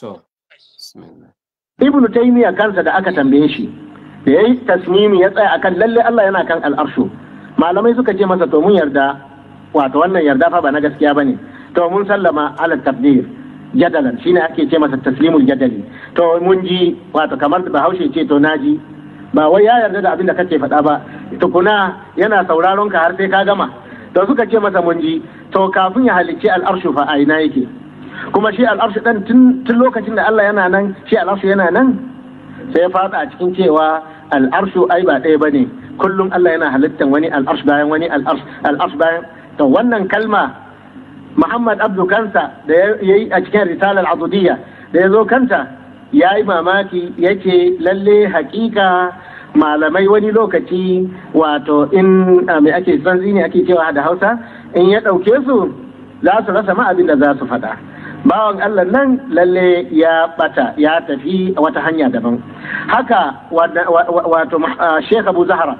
to bismillah ibnu taymiya kansa da aka tambaye shi da yayi tasmimi ya tsaya akan lalle Allah yana kan al'arshu malamai suka ce masa to mun yarda wato wannan yarda fa ba na gaskiya bane to mun sallama ala tabdir jadalan shine ake ce masa taslimul jadali to mun ji wato kamar da Bahaushe ce to naji ba wai ya yarda da abin da kake faɗa ba tukuna yana sauraron ka har sai ka gama da suka ce masa mun ji to kafin ya halicci al'arshu fa a ina yake kuma shi al'arshu dan tun lokacin da Allah yana nan shi al'arshu yana nan sai ya fada cikin cewa al'arshu ai ba ɗaya bane kullum Allah yana halittan wani al'arshu bayan wani al'arshu bayan to wannan kalma Muhammad Abdu kansa da yayi a cikin risalar azudiyya da ya zo kanta ya yi mamaki ya ce lalle hakika malamai wani lokaci wato in ah, mai ake tsanzi ne ake cewa da hausa in ya ɗauke su za su rasa ma abin da za su faɗa bawan allah nan lalle ya bata ya tafi wata hanya daban haka wato ah, shekabu zahara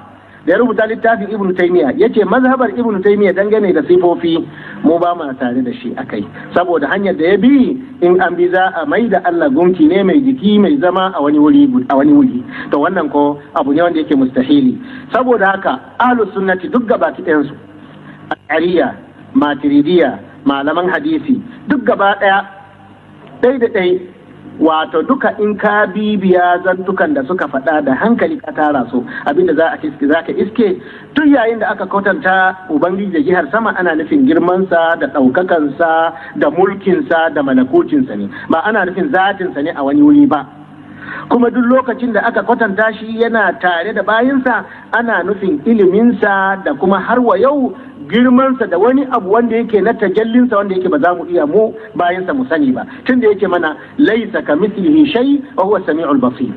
da ya rubuta littafin ibnu ya ce mazhabar ibnu taymiya dangane da sifofi mu ba mu tare da shi akai saboda hanyar da ya bi in an bi za a mai da Allah gunki ne mai jiki mai zama a wani wuri a wani wuri to wannan ko abu ne wanda yake mustahili saboda haka ahlus sunnati duk gaba ɗayan su ariya matiridiya malaman hadisi duk gaba ɗaya ɗai da ɗai wato duka in ka bibiya zantukan da suka faɗa da hankali ka tara su abinda za a iske za ka iske tun yayin da aka kwatanta ubangiji da jihar sama ana nufin girmansa da ɗaukakansa da mulkinsa da malakocinsa ne ba ana nufin zatinsa ne a wani wuri ba kuma duk lokacin da aka kwatanta shi yana tare da bayinsa ana nufin iliminsa da kuma har wa yau girmansa da wani abu wanda yake na tajallinsa wanda yake ba za mu iya mu bayansa mu sani ba tunda yake mana laisa ka mislihi shay wa huwa samiul basir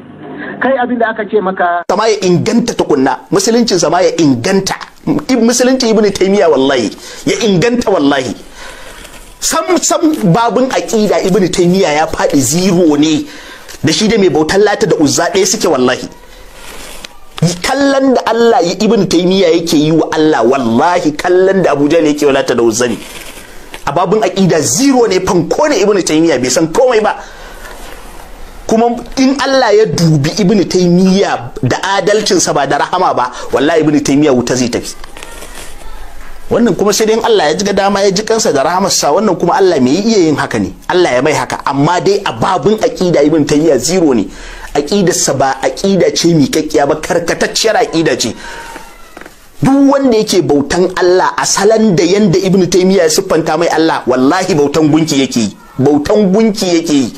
kai abin da aka ce maka sama ya inganta tukunna musuluncin sama ya inganta musulunci ibn taymiya wallahi ya inganta wallahi sam sam babun aqida ibn taymiya ya fadi zero ne da shi da mai bautar lata da uzza ɗaya suke wallahi kallon da Allah ya ibn taimiyya yake yi wa Allah wallahi kallon da Abuja ne yake wa lata da uzza ne a babin aƙida zero ne fanko ne ibn taimiyya bai san komai ba kuma in Allah ya dubi ibn taimiyya da adalcinsa ba da rahama ba wallahi ibn taimiyya wuta zai tafi wannan kuma sai dai Allah ya ji dama ya ji kansa da rahamarsa wannan kuma Allah mai iya yin haka ne Allah ya mai haka amma dai a babun aqida ibn tayyiya zero ne aqidarsa ba aqida ce kakkiya ba karkatacciyar aqida ce duk wanda yake bautan Allah a salan da yanda ibn tayyiya ya siffanta mai Allah wallahi bautan gunki yake bautan gunki yake yi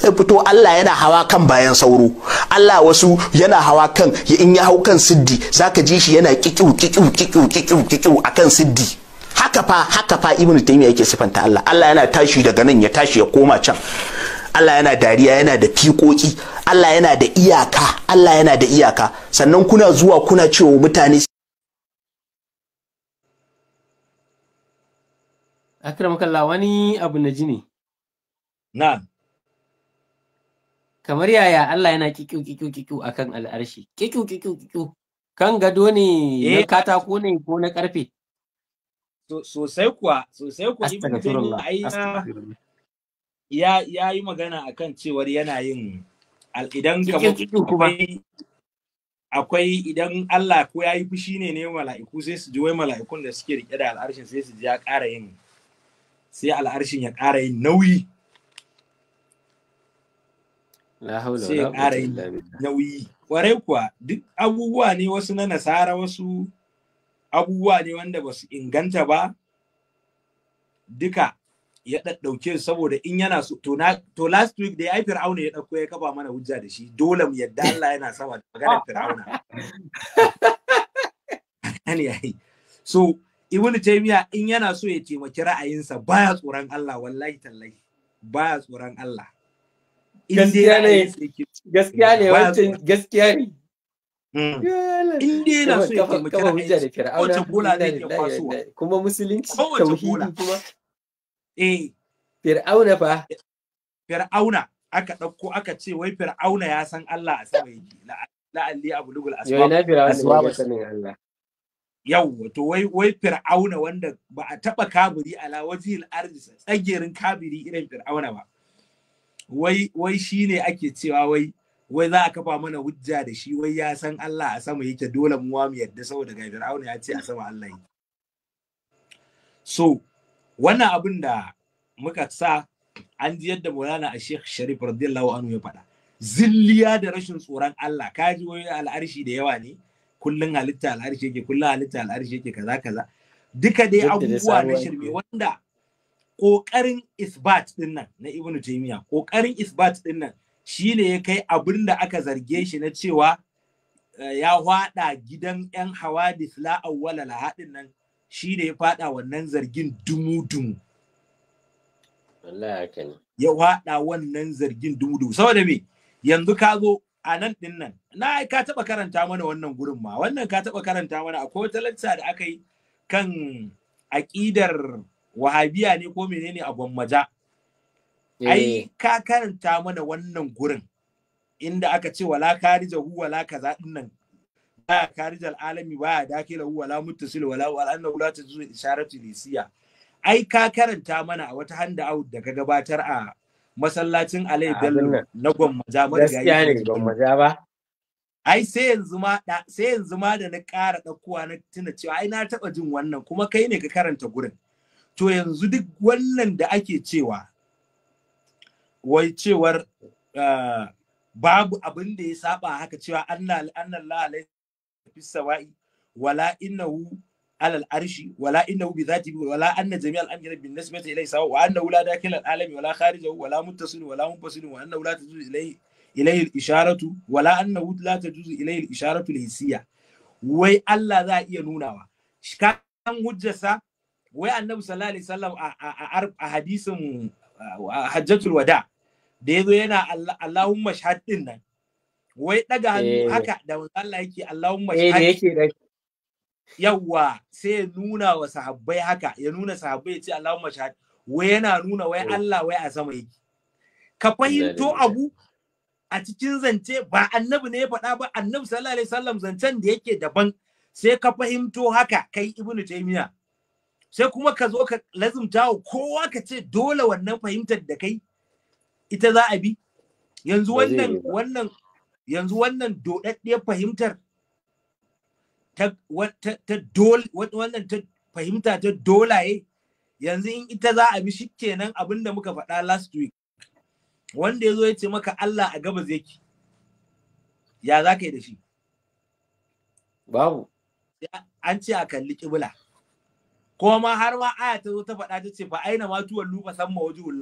fito Allah yana hawa kan bayan sauro Allah wasu yana hawa kan in ya hau kan siddi zaka ji shi yana kikiu kikiu kikiu kikiu kikiu akan siddi haka fa haka fa ibn taymiya yake sifanta Allah Allah yana tashi daga nan ya tashi ya koma can Allah yana dariya yana da fiƙoƙi Allah yana da iyaka Allah yana da iyaka sannan kuna zuwa kuna cewa mutane akramakalla wani abu na ji ne na'am kamar yaya Allah yana kikiu kikiu kikiu akan al'arshi kikiu kikiu kikiu kan gado ne na eh. katako ne ko na karfe sosai kuwa sosai kuwa ibn taymiya ya ya yi magana akan cewar yana yin idan akwai idan Allah ko ya yi fushi ne ne mala'iku sai su ji wai mala'ikun da suke rike da al'arshin sai su ji ya ƙara yin sai al'arshin ya ƙara yin nauyi sai ya ƙara yin nauyi kwarai kuwa duk abubuwa ne wasu na nasara wasu abubuwa ne wanda ba su inganta ba duka ya ɗauke su saboda in yana so to last week da ya yi fir'auna ya ɗauko ya kafa mana hujja da shi dole mu yadda Allah yana sama da maganar fir'auna so ibn taymiya in yana so ya taimaki ra'ayinsa baya tsoron Allah wallahi tallahi baya tsoron Allah gaskiya ne gaskiya ne wancan hmm. gaskiya ne in dai yana so ya kafa hujja da fir'auna bola zai iya kuma musulunci tauhidi kuma eh fir'auna fa fir'auna aka dauko aka ce wai fir'auna ya san Allah a sama yake la'alli abu lugul asbab asbab sanin Allah yau wato wai wai fir'auna wanda ba a taba kabiri ala wajil arzi tsagerin kabiri irin fir'auna ba wai wai shine ake cewa wai wai za a kafa mana hujja da shi wai ya san Allah a sama yake dole mu wa mu yadda saboda ga Fir'auna ya ce a sama Allah yake so wannan abin da muka sa an ji yadda Maulana a Sheikh Sharif radiyallahu anhu ya faɗa zilliya da rashin tsoron Allah ka ji wai al'arshi da yawa ne kullun halitta al'arshi yake kullun halitta al'arshi yake kaza kaza duka dai abubuwa na shirme wanda ƙoƙarin isbat din nan na ibnu taimiya ƙoƙarin isbat din nan shi ya kai abin da aka zarge shi na cewa eh, ya hwada gidan 'yan hawadis la awwala hadin nan shi ya fada wannan zargin dumu-dumu ya hwada wannan zargin dumu-dumu saboda me yanzu ka zo a nan ɗin nan na ka taɓa karanta mana wannan gurin ma wannan ka taba karanta mana akwai wata da aka yi kan aƙidar wahabiya ne ko menene a gwammaja ai eh. ka karanta mana wannan gurin inda aka ce wala karija hu wala kaza dinnan ba karija al'alami ba dakila hu wala muttasil wala wala annahu la tajuzu isharatu lisiya ai ka karanta mana a wata handa out da ka gabatar a masallacin Alai na gwammaja ma daga yi gwammaja ba ai sai yanzu ma sai yanzu ma da na ƙara ɗaukowa na tuna cewa ai na taɓa jin wannan kuma kai ne ka karanta gurin to yanzu duk wannan da ake cewa wai cewar ah, babu abin da ya saba haka cewa annan la fi sawa'i wala innahu alal arshi wala innahu bi dhati wala anna jami'al amri bin nisbati ilayhi sawa wa annahu la dakil al alami wala kharijahu wala muttasil wala munfasil wa annahu la tajuzu ilayhi ilayhi al isharatu wala annahu la tajuzu ilayhi al isharatu al hissiya wai Allah za a iya nunawa kan hujjarsa wai annabi sallallahu alaihi wasallam a hadisin hajjatul wada da yazo yana Allahumma shahad din nan wai daga hannu eh. haka da Allah yake Allahumma eh, shahad yake da yawa sai ya nuna wa sahabbai haka ya nuna sahabbai ya ce Allahumma shahad wai yana nuna wai eh. Allah wai a sama yake ka fahimto abu a cikin zance ba annabi ne ya faɗa ba annabi sallallahu alaihi wasallam zancen da yake daban sai ka fahimto haka kai ibnu taymiya sai kuma ka zo ka lazumta wa kowa ka ce dole wannan fahimtar da kai ita za a bi yanzu wannan wannan yanzu wannan dodaddiyar fahimtar ta ta dole wannan ta fahimta ta dolaye yanzu in ita za a bi shikenan abinda muka faɗa last week wanda ya zo ya ce maka Allah a gabas yake ya za ka yi da shi babu an ce a kalli kibla ko ma har ma aya ta zo ta faɗa ta ce fa aina ma san ma fa samma San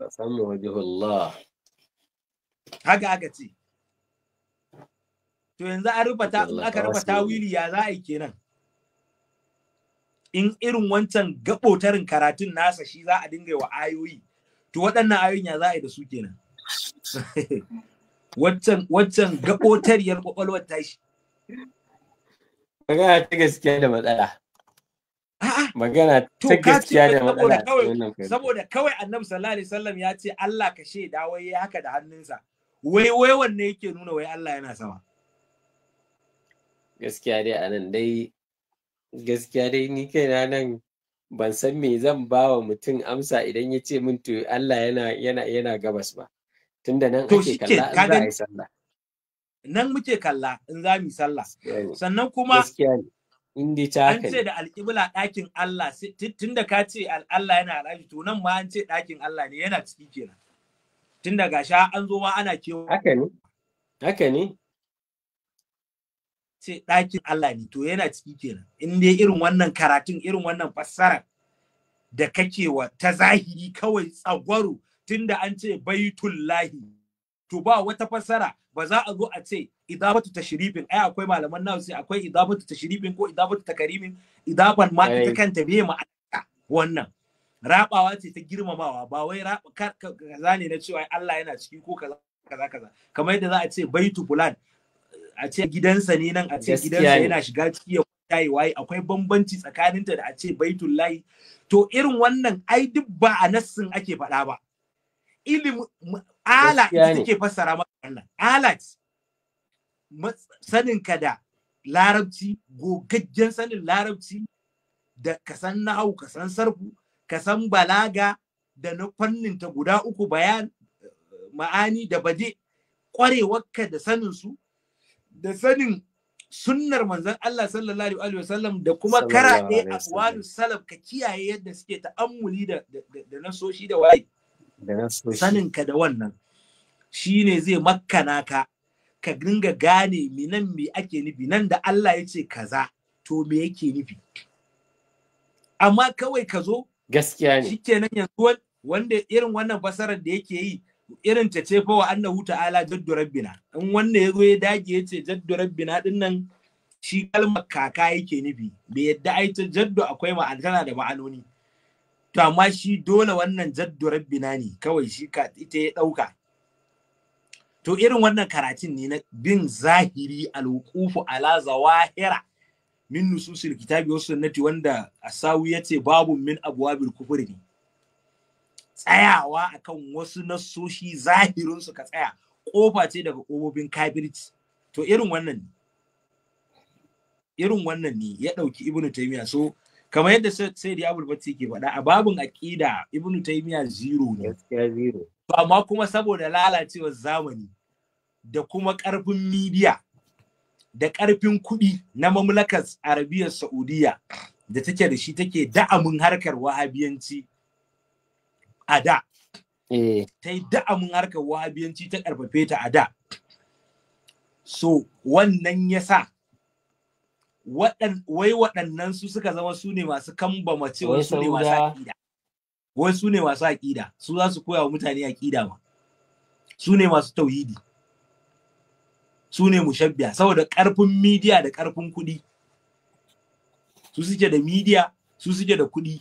ma samma wajhullah haka aka ce to yanzu an rufa ta aka rufa wili ya za a yi kenan in irin wancan gaɓotarin karatun nasa shi za a dinga wa ayoyi to waɗannan ayoyin ya za a yi da su kenan waccan waccan gaɓotariyar ƙwaƙwalwar tashi ya ta gaskiya da matsala magana ta gaskiya da magana saboda kawai annabi sallallahu alaihi wasallam ya ce Allah ka da wai ya haka da hannunsa wai wai wanne yake nuna wai Allah yana sama gaskiya dai anan dai gaskiya dai ni kaina nan ban san me zan ba wa mutum amsa idan ya ce min to Allah yana yana yana gabas ba tunda nan ake kalla in za a yi sallah nan muke kalla in za mu yi sallah sannan kuma Indi ta An ce da alƙibla ɗakin Allah tunda ka ce Allah yana al'aji to nan ma an ce ɗakin Allah ne yana ciki kenan. Tunda gasha an zo ma ana kewa. Haka ne. Haka ne. Ce ɗakin Allah ne to yana ciki kenan. In dai irin wannan karatun irin wannan fassara da kake wa ta zahiri kawai tsagwaro tunda an ce baitullahi to ba wata fassara ba za a zo a ce idabatu tashrifin ai akwai malaman nawa sai akwai idabatu tashrifin ko idabatu takarimin idaban ma ita kanta bai ma wannan rabawa ce ta girmamawa ba wai kaza ne na cewa Allah yana ciki ko kaza kaza kaza kamar yadda za a ce baitu fulan a ce gidansa ne nan a ce gidansa yana shiga ciki ya kwanta waye akwai bambanci tsakaninta da a ce baitul lahi to irin wannan ai duk ba a nassin ake faɗa ba ilimin ala ita take fassara ma Alex, alat saninka da larabci gogaggen sanin larabci da kasan nahau kasan sarku kasan balaga da na fannin ta guda uku bayan eh, ma'ani da baje, ƙwarewarka da sanin su da sanin sunnar manzon Allah sallallahu alaihi wasallam da kuma a aswalu salaf ka kiyaye yadda suke ta'ammuli da da nasoshi da waye sanin ka da wannan shine zai makkana ka ka dinga gane minan me ake nufi nan da Allah ya ce kaza to me yake nufi amma kawai ka zo gaskiya ne shikenan yanzu wanda irin wannan basarar da yake yi irin ta ce fa wa annahu ta'ala jaddu rabbina in wanda ya zo ya dage yace ce jaddu rabbina din nan shi kalmar kaka yake nufi bai yadda ai ta jaddu akwai ma'ana da ma'anoni to amma shi dole wannan jaddu rabbina ne kawai shi ka ita ya dauka to irin wannan karatun ne na bin zahiri alwuqufu ala zawahira min nususil kitabi wa sunnati wanda asawi yace babu min abwabil kufri ne tsayawa akan wasu nasoshi zahirin su ka tsaya kofa ce daga kobobin kafirci to irin wannan irin wannan ne ya dauki ibnu taymiya so kamar yadda sai da abul ke faɗa a babun aqida ibnu taymiya zero ne gaskiya zero to amma kuma saboda lalacewar zamani da kuma ƙarfin midiya da ƙarfin kuɗi na mamlakar arabiyar saudiya da take da shi take da'amin harkar wahabiyanci a da eh. ta yi da'amin harkar wahabiyanci ta ƙarfafe ta a da so wannan ya sa wai waɗannan su suka zama su ne masu kamba mace su ne masu aƙida wai su ne masu aƙida su za su koya wa mutane aƙida ma su ne masu tauhidi su ne mushabbiya saboda ƙarfin midiya da ƙarfin kuɗi su suke da midiya su suke da kuɗi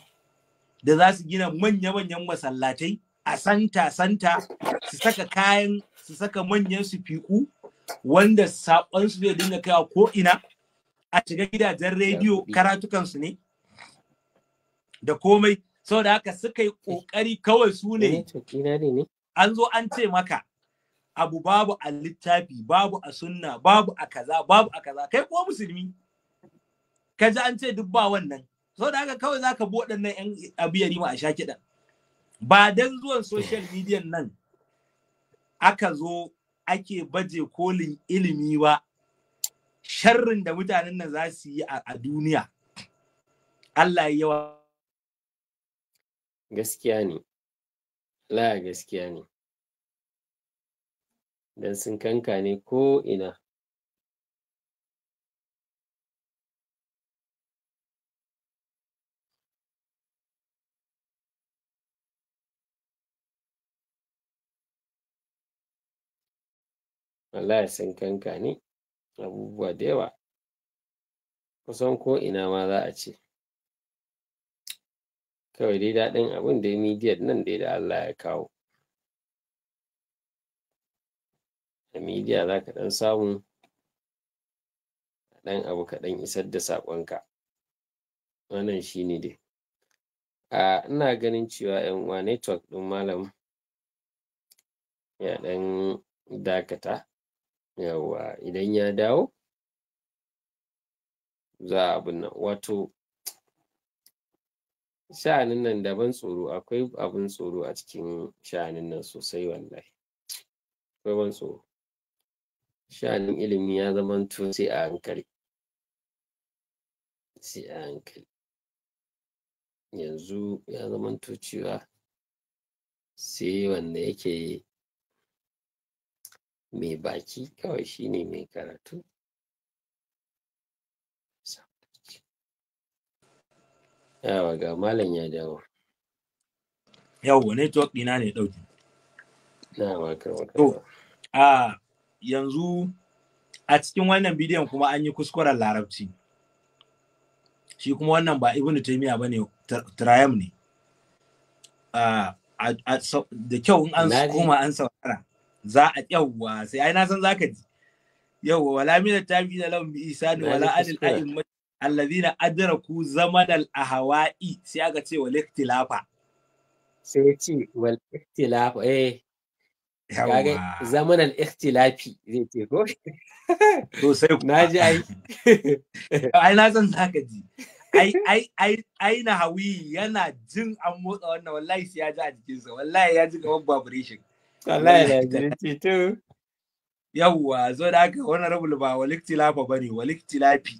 da za su gina manya-manyan masallatai a santa-santa su saka kayan su saka manyan su fiku wanda saƙon zai dinga kaiwa ko ina a shiga gidajen rediyo karatukansu ne da komai so da haka suka yi kokari kawai su ne eh, an zo an ce maka abu babu a littafi babu a sunna babu a kaza babu a kaza kai kuma musulmi ka ji an ce duk ba wannan so da haka kawai zaka buɗe waɗannan yan abu ya rima a sha kiɗan. ba dan zuwan social media nan aka zo ake baje kolin ilimi ba sharrin da mutanen nan za su yi a duniya Allah ya yawa gaskiya ne la gaskiya ne don sun kanka ne ko ina Allah sun kanka ne abubuwa da yawa kusan ko ina ma za a ce kawai dai daɗin abin da ya immediate nan dai da Allah ya kawo a midiya za ka ɗan samu ɗan abu kaɗan isar da saƙonka wannan shi ne dai a ina ganin cewa yan uwa network ɗin malam ya ɗan dakata yawa idan ya dawo za a abin nan wato sha'anin nan daban tsoro akwai abin tsoro a cikin sha'anin nan sosai wallahi akwai ban tsoro sha'anin ilimi ya zama to sai a hankali sai a hankali yanzu ya zama to cewa sai wanda yake mai baki kawai shine mai karatu Yawa ga malam ya dawo. Yawwa network ɗina ne ɗauki. Yawa To, a yanzu a cikin wannan bidiyon kuma an yi kuskuren larabci. Shi kuma wannan ba Ibn Taymiyyah bane ba ne. da kyau in an koma an saurara za a yawwa sai ai na san za ka ji. Yawwa wala ta fi da lam bi ne wala adil mace allazina adraku al-ahawa'i sai aka ce wal ikhtilafa sai ce wal ikhtilafa eh kage zamanan ikhtilafi zai ce ko to sai na ji ai ai na san zaka ji ai ai ai ai na hawi yana jin an motsa wannan wallahi sai ya ji a wallahi ya ji kamar vibration wallahi ya ji to yawwa zo da ka wannan ba wal ikhtilafa bane wal ikhtilafi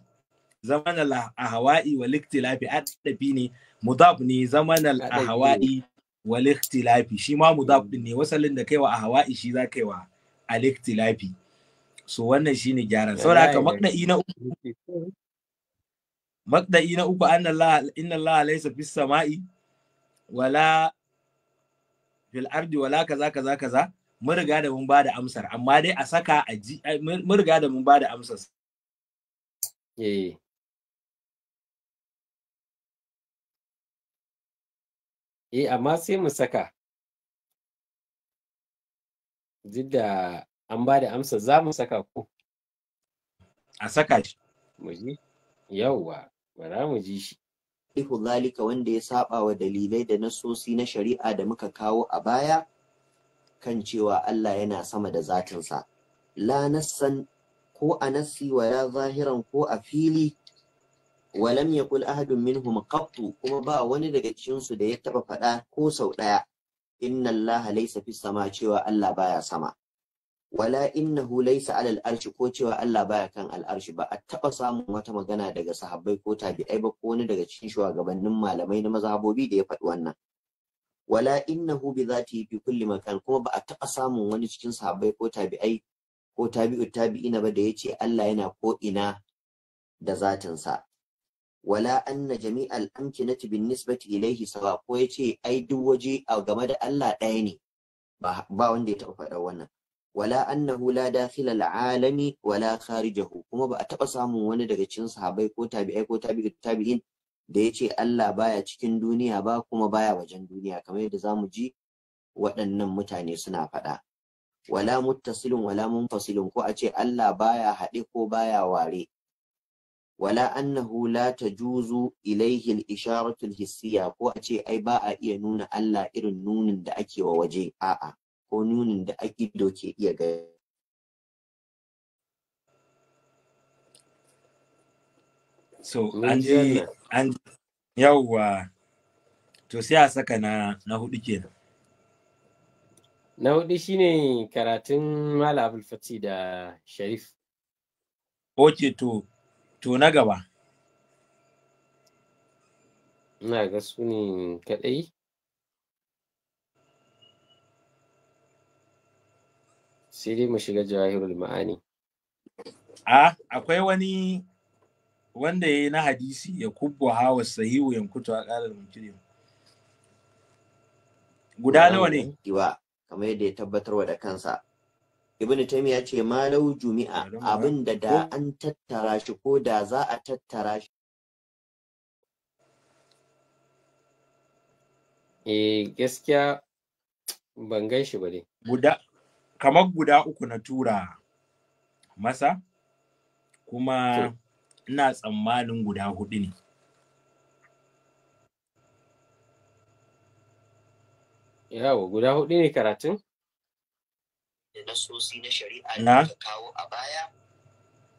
zaman al-ahwa'i wal ikhtilafi adabi ne mudaf ne zaman al-ahwa'i wal ikhtilafi shi ma mudaf din ne wasalin da kaiwa ahwa'i shi za kaiwa al ikhtilafi so wannan shine gyaran saboda haka makda'i na uku makda'i na uku anna Allah inna Allah wala fil wala kaza kaza kaza mun da mun bada amsar amma dai a saka a ji mun riga da mun bada amsar eh. eh amma sai mu saka jidda an ba da amsa za mu saka ko a saka shi mu ji yawwa bara mu ji shi ihu zalika wanda ya saba wa dalilai da nasosi na shari'a da muka kawo a baya kan cewa Allah yana sama da zatinsa la nassan ko a nassi wa ya zahiran ko a fili walam yakul ahadun minhum qattu kuma ba wani daga cikinsu da ya taɓa faɗa ko sau ɗaya inna allaha laysa fis sama cewa Allah baya sama wala innahu laysa alal arshi ko cewa Allah baya kan al'arshi ba a taba samun wata magana daga sahabbai ko tabi'ai ba ko wani daga cikin shugabannin malamai na mazhabobi da ya faɗi wannan wala innahu bi zati fi kulli kuma ba a taba samun wani cikin sahabbai ko tabi'ai ko tabi'u tabi'ina ba da ya ce Allah yana ko ina da zatinsa wala anna jami'al amkinati bin nisbati ilaihi sawa ko yace ai duk waje a game da Allah ɗaya ne ba wanda ya taɓa faɗa wannan wala annahu la dakhila al'alami wala kharijahu kuma ba a taɓa samun wani daga cikin sahabai ko tabi'ai ko tabi'in da yace Allah baya cikin duniya ba kuma baya wajen duniya kamar yadda zamu ji waɗannan mutane suna faɗa wala muttasilun wala munfasilun ko a ce Allah baya haɗe ko baya ware wala annahu la تجوز إليه الإشارة الحسية al ko a ce ai ba a iya nuna Allah irin nunin da ake wa waje a'a so an ji yawwa to sai a saka na na hudu kenan na hudu shine karatun Malam Abdul da Sharif to to na gaba ina ga suni kaɗai sai dai mu shiga jawahirul ma'ani a akwai wani wanda ya yi na hadisi ya kubbo hawa sahihu yankutu a ƙarar mutum guda nawa ne kamar yadda ya tabbatar wa da kansa ibn taymiya ce lau jumi'a abinda da an tattara shi ko da za a tattara shi eh gaskiya ban gan shi guda kamar guda uku na tura masa kuma ina tsammanin guda hudu ne yawo guda hudu ne karatun da nasosi na shari'a da aka kawo a baya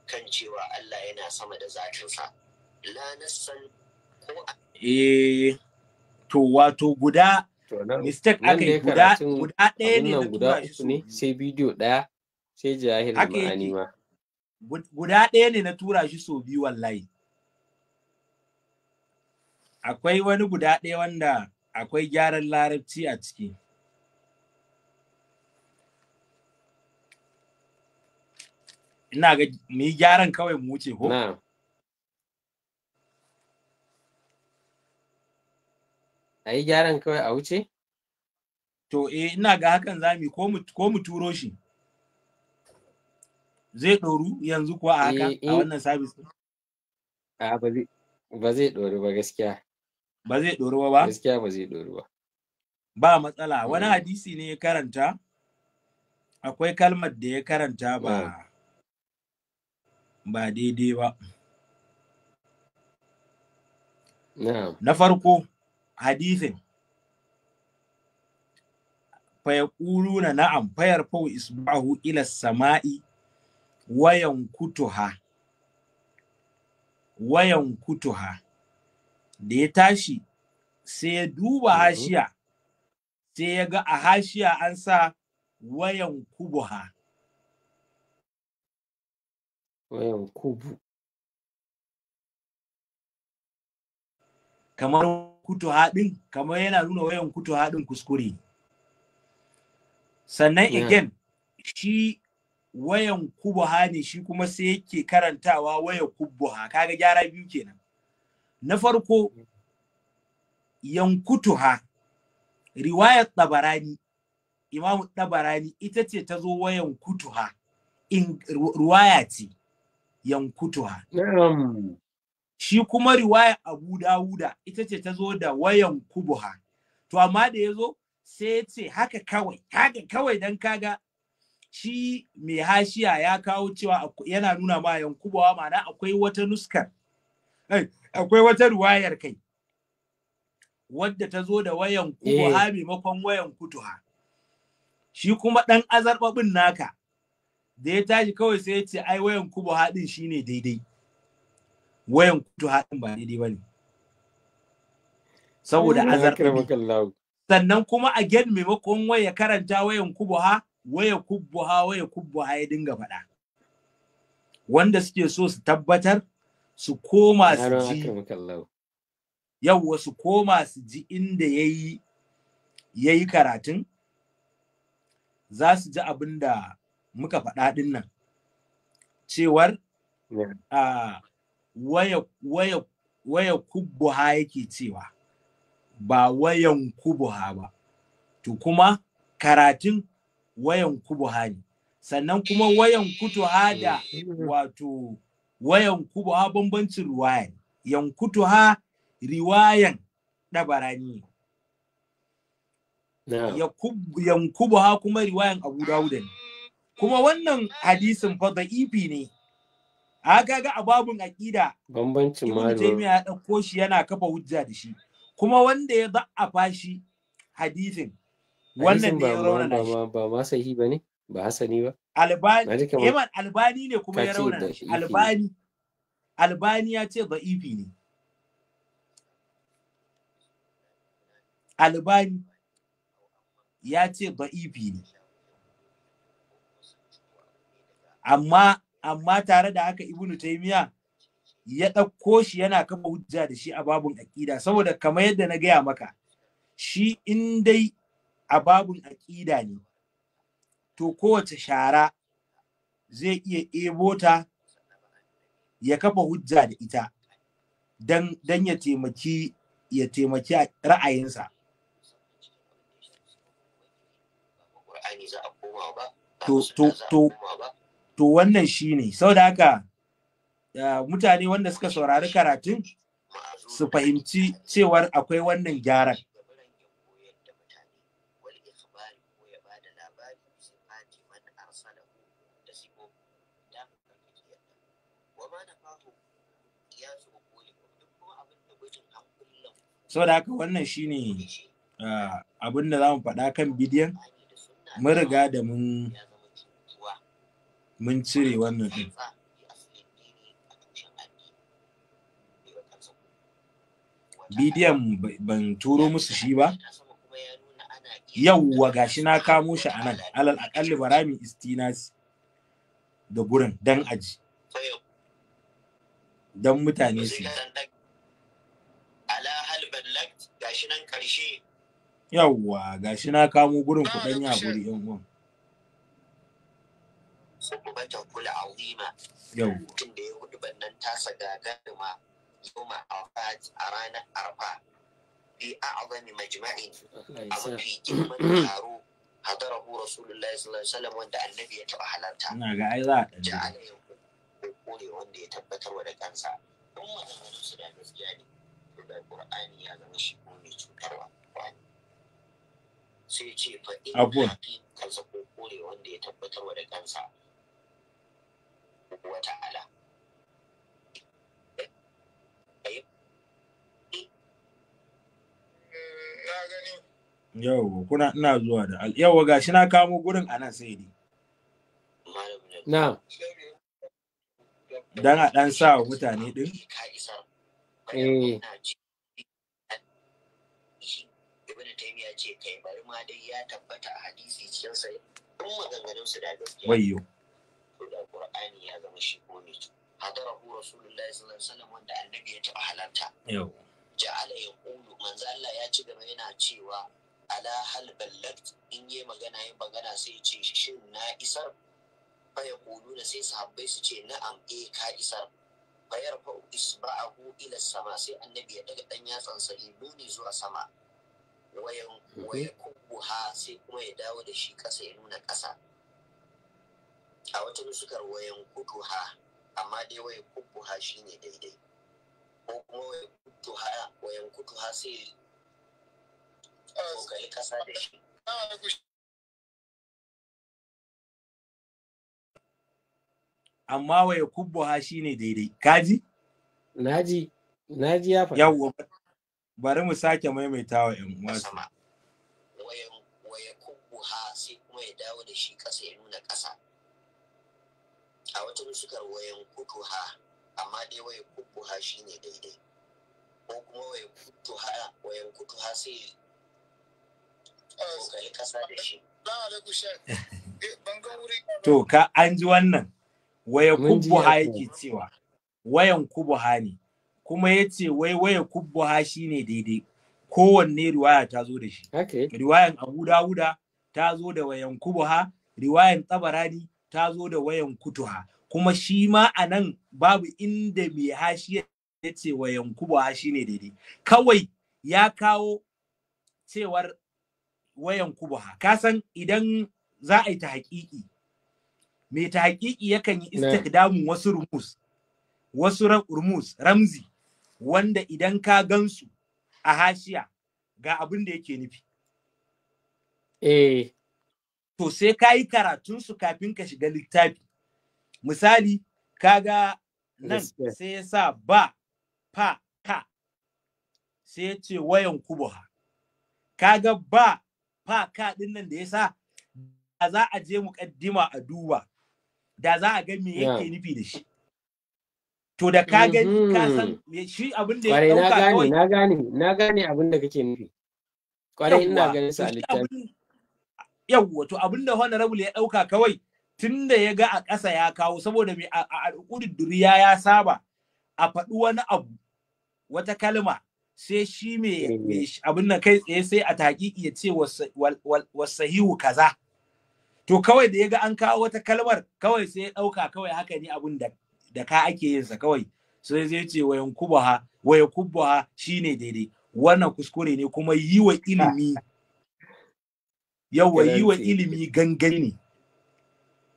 kan cewa Allah yana sama da zatinsa la nassan ko a eh to wato guda mistake aka yi guda guda ɗaya ne da tura uku ne sai bidiyo ɗaya sai jahil ma'ani ma guda ɗaya ne na tura shi so biyu wallahi akwai wani guda ɗaya wanda akwai gyaran larabci a ciki ina ga mu yi gyaran kawai mu wuce ko a yi gyaran kawai a wuce to eh ina ga hakan mu ko mu turo shi zai ɗoru yanzu kuwa a haka eh, a wannan sabis a ba zai ɗoru ba gaskiya ba zai ɗoru ba ba gaskiya ba zai ɗoru ba ba matsala wani eh. hadisi ne ya karanta akwai kalmar da ya karanta ba ba daidai ba na farko hadithin hadisin na na'am fayar fau isbahu ila sama'i wayan kutuha wayan kutuha da ya tashi sai ya duba mhm. hashiya sai ya ga a hashiya an sa wayan kubuha wa kamar kamar yana nuna wayan kutuha haɗin kuskure sannan again shi wayan kubuha ne shi kuma sai yake karantawa wayan kubuha kaga gyara biyu kenan na farko kutuha, riwayar tabarani imamu tabarani ita ce ta zo wayan kutuha in riwaya ce yankutuha Um. shi kuma riwaya Abu Dawuda ita ce ta zo da wayan kubuha to amma da ya zo sai ya ce haka kawai haka kawai dan kaga shi mai hashiya ya kawo cewa yana nuna ma yan kubuwa. ma'ana akwai wata nuskar akwai wata riwayar kai wadda ta zo da wayan kubuha eh. maimakon wayan kutuha shi kuma ɗan azarbabin naka da ya tashi kawai sai ya ce ai wayan kubo haɗin shine daidai wayan kutu haɗin ba daidai ba ne saboda azar sannan kuma a gen maimakon waya karanta wayan kubo ha waya kubu ha waya kubu ha ya dinga faɗa wanda suke so su tabbatar su koma su ji yawwa su koma su ji inda ya yi karatun za su ji abin da muka faɗa ɗin nan cewar waya kubuha yake cewa ba wayan kubuha ba to kuma karatun wayan kubuha ne sannan kuma wayan ha da wato wayan kubuha bambancin ruwaya ne ha riwayan ɗabara ne ha kuma riwayan abu dawuda ne kuma wannan hadisin fa da'ifi ne a ga a babun aqida bambancin malu ibn taymiya ya ɗauko shi yana kafa hujja da shi kuma wanda ya za'afa shi hadisin wannan da ya raunana shi ba ma sahi bane ba hasani ba albani yaman albani ne kuma ya raunana shi albani albani ya ce da'ifi ne albani ya ce da'ifi ne amma amma tare da haka ibnu taymiya ya ɗauko shi yana kafa hujja da shi a babun aƙida saboda kamar yadda na gaya maka shi in dai a babun aƙida ne to kowace shara zai iya ebo ta ya kafa hujja da ita dan ya taimaki ya taimaki ra'ayinsa to to to to wannan shi ne saboda haka mutane wanda suka saurari karatun su fahimci cewar akwai wannan gyaran saboda haka wannan shine ah, abin da za mu faɗa kan bidiyon mun riga da mun mun cire wannan din bidiyon ban turo musu shi ba yauwa gashi na kamo shi a nan alal akalli barami istinasi da gurin dan aji don mutane su yauwa gashi na kamo gurin kudan ya guri yan uwan mutum da ya hudu bannan tasa gagarima yoma a ranar arfa fi a'azami majma'in a mafi girman taro hadarahu rasulullahi sallallahu alaihi wasallam wanda annabi ya taba halarta ina ga ai za a ja'ala kore wanda ya tabbatar da kansa su da gaskiya ne qur'ani ya zama shi ko mai cutarwa sai ce kore wanda ya tabbatar da kansa wa ta'ala yau kuna ina zuwa da yau ga shi na kamo gurin sai na dan a dan sa wa mutane din eh ce dai ya tabbata a hadisi da Qur'ani ya zama shi Hadara hadarahu Rasulullah sallallahu alaihi wasallam wanda annabi ya taɓa halarta ja'ala ya kulu manzo Allah ya ci gaba yana cewa ala hal ballat in yi magana yin magana sai ce shin na isar fa ya da sai sahabbai su ce na'am eh ka isar fa ya rafa isba'ahu ila sama sai annabi ya daga dan yatsan sa nuni zuwa sama wayan waya sai kuma ya dawo da shi kasa ya nuna ƙasa a wata nusukar wayan ha, amma dai wayan shi shine daidai ko kuma wayan ha, wayan ha sai kokali kasa da shi amma wayan shi shine daidai kaji naji naji ya faɗa yawwa bari mu sake maimaita wa yan uwa Waya wayan ha sai kuma ya dawo da shi kasa ya nuna kasa a wata nusukar wayan kutuha amma dai wayan kutuha shine daidai ko kuma wayan kutuha wayan kutuha sai kokari eh, kasa da shi eh, to ka an ji wannan waya ha yake cewa wayan ha ne kuma ya ce wai waya shi shine daidai kowanne riwaya ta zo da shi riwayan abu dawuda ta zo da wayan ha, riwayan tsabarani ta zo da wayan kutuha kuma shi ma a nan babu inda mai hashi ya ce wayan kubuha hashi ne daidai kawai ya kawo cewar wayan kubuha kasan idan za a yi ta haƙiƙi mai ta haƙiƙi yakan yi istikdamu wasu rumus wasu rumus ramzi wanda idan ka gansu a hashiya ga abin da yake nufi eh to sai ka yi karatunsu kafin ka shiga littafi misali kaga nan sai ya sa ba fa ka sai ya ce wayan kubuha kaga ba fa ka din nan da ya sa da za a je kaddima a duba da za a ga me yake nufi da shi to da ka gani ka san mm-hmm. shi abin da ya dauka kawai na gane na gane na gane abin da kake nufi kwarai ina ganin sa a littafi yawwa to abinda honorable ya dauka kawai tunda ya ga a ƙasa ya kawo saboda mai al'udin duriya ya saba a faɗi wani abu wata kalma sai shi mai eh. abin nan kai tsaye sai a taƙiƙi ya ce wasahihu kaza to kawai da ya ga an kawo wata kalmar kawai sai ya ɗauka kawai haka ne abin da ka ake yin sa kawai sai zai ce wayan kubaha shine daidai wannan kuskure ne kuma yi wa ilimi yawa yi wa ilimi gangan ne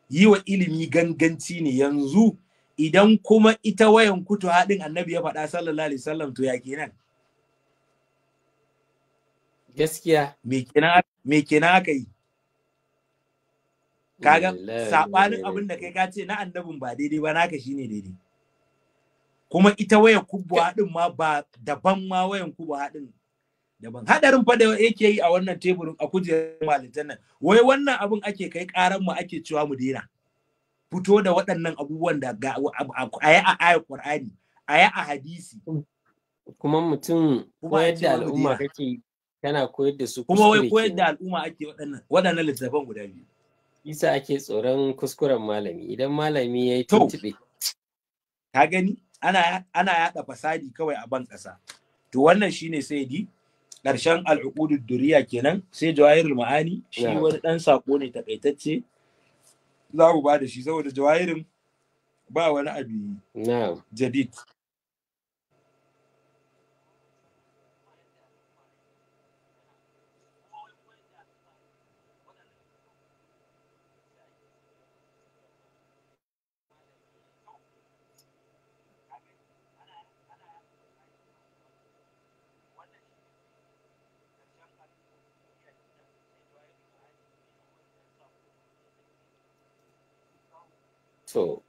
yi wa ilimi ganganci ne yanzu idan kuma ita wayan kutu haɗin annabi ya faɗa sallallahu alaihi wasallam to ya kenan gaskiya me kenan aka yi kaga sabanin abin da kai ka ce na annabin ba daidai ba naka shine daidai kuma ita wayan kubwa haɗin ma ba daban ma wayan kubwa haɗin daban hadarin fa da yake yi a wannan teburin a kujerar malitan nan wai wannan abin ake kai karan mu ake cewa mu daina fito da waɗannan abubuwan da ga a yi a ayar Qur'ani a yi a hadisi kuma mutum koyar da al'umma kake kana koyar da su kuma wai koyar da al'umma ake waɗannan waɗannan littafan guda biyu isa ake tsoron kuskuren malami idan malami ya yi tuntuɓe ka gani ana ana yaɗa fasadi kawai a ban ƙasa to wannan shine sai di ƙarshen al'uqudud duriya kenan sai jawahirul ma'ani shi wani dan saƙo ne takaitacce za mu ba da shi saboda jawahirin ba wani abu jadid so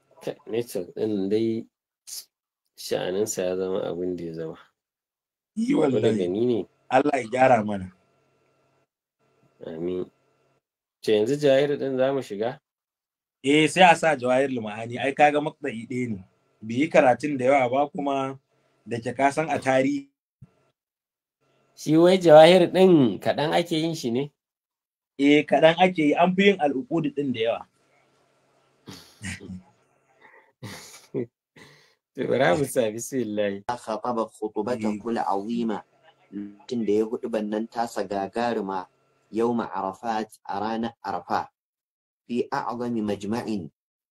network din dai sha'aninsa ya zama abin da ya zama yi wallahi Allah ya gyara mana amin ce yanzu jawahir din za mu shiga eh sai a sa jawahir lumani ai kaga makɗa'i ɗaya ne bi yi karatun da yawa ba kuma da ke kasan a tarihi shi wai jawahir ɗin kaɗan ake yin shi ne eh kaɗan ake yi an fi yin al'ukudu ɗin da yawa Ramusa bismillah. ba khutubatahu kula azima tun da ya hudu bannan tasa gagaruma yau Arafat a ranar Arafa fi a'zami majma'in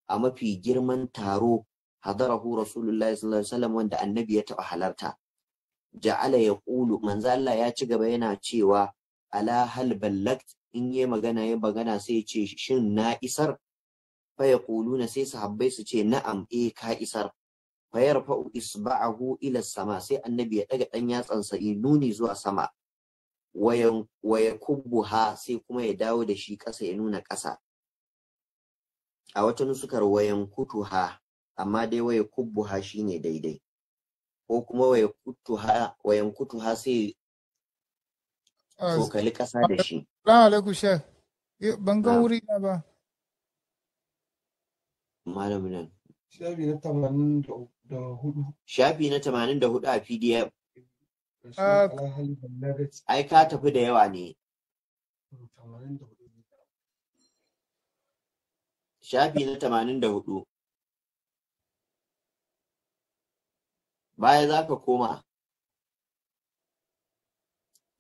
a mafi girman taro hadarahu Rasulullah sallallahu alaihi wasallam wanda annabi ya taɓa halarta. Ja'ala ya ƙulu manzo Allah ya ci gaba yana cewa ala hal ballagt in yi magana ya magana sai ce shin na isar faya kuluna sai sahabbai su ce na'am e ka isar fayar fa'u isba'ahu ila sama sai annabi ya daga dan yatsansa ya nuni zuwa sama waya kubbuha sai kuma ya dawo da shi ƙasa ya nuna ƙasa a wata nusukar wayan kutuha amma dai waya kubbuha shine daidai ko kuma waya kutuha wayan kutuha sai tsokali ƙasa da shi. Assalamu alaikum shek. Ban ga wuri na ba. Malam nan. Shafi na tamanin da hudu. Shafi na tamanin da hudu a PDF. Ai ka tafi da yawa ne. Shafi na tamanin da hudu. Baya za ka koma.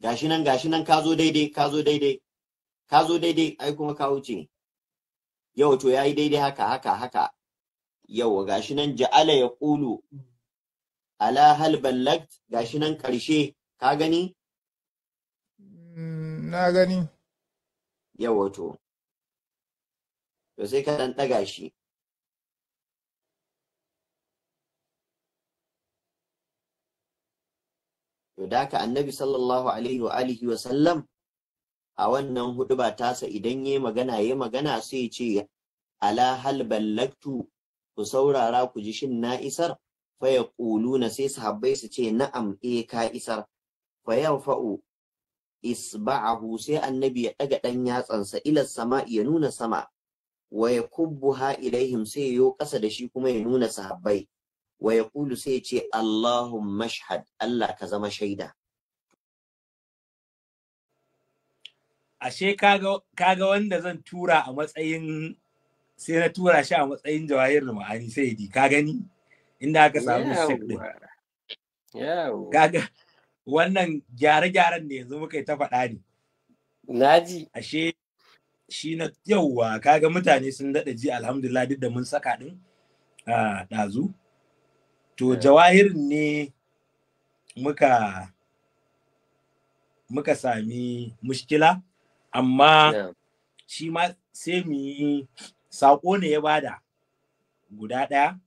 Gashi nan gashi nan ka zo daidai ka zo daidai. Ka zo daidai ai kuma ka wuce. yau to yi daidai haka haka haka yau gashi nan ja'ala ya ƙulu ala hal ballagt gashi nan ƙarshe ka gani mm, na gani yau to to sai ka dan ɗaga shi to da ka annabi sallallahu alaihi wa alihi wa sallam a wannan hudu ba tasa idan yi magana yi magana sai ce ala hal ballaktu ku saurara ku ji shin na isar fa ya na sai sahabbai su ce na'am e ka isar fa yanfa'u isba'ahu sai annabi ya daga dan yatsansa ila sama ya nuna sama wa ya kubbuha ilaihim sai yo kasa da shi kuma ya nuna sahabbai wa ya kulu sai ce Allahumma shahad Allah ka zama shaida ashe kaga wanda zan tura a matsayin sai na tura shi a matsayin jawahir ma'ani sai di ka gani inda aka samu shi din kaga wannan gyare-gyaren da yanzu muka yi ta faɗa ne naji ashe shi na yauwa kaga mutane sun daɗa ji alhamdulillah duk da mun saka ɗin a ɗazu to jawahir ne muka muka sami mushkila amma shi ma sai mu yi saƙo ne ya bada guda ɗaya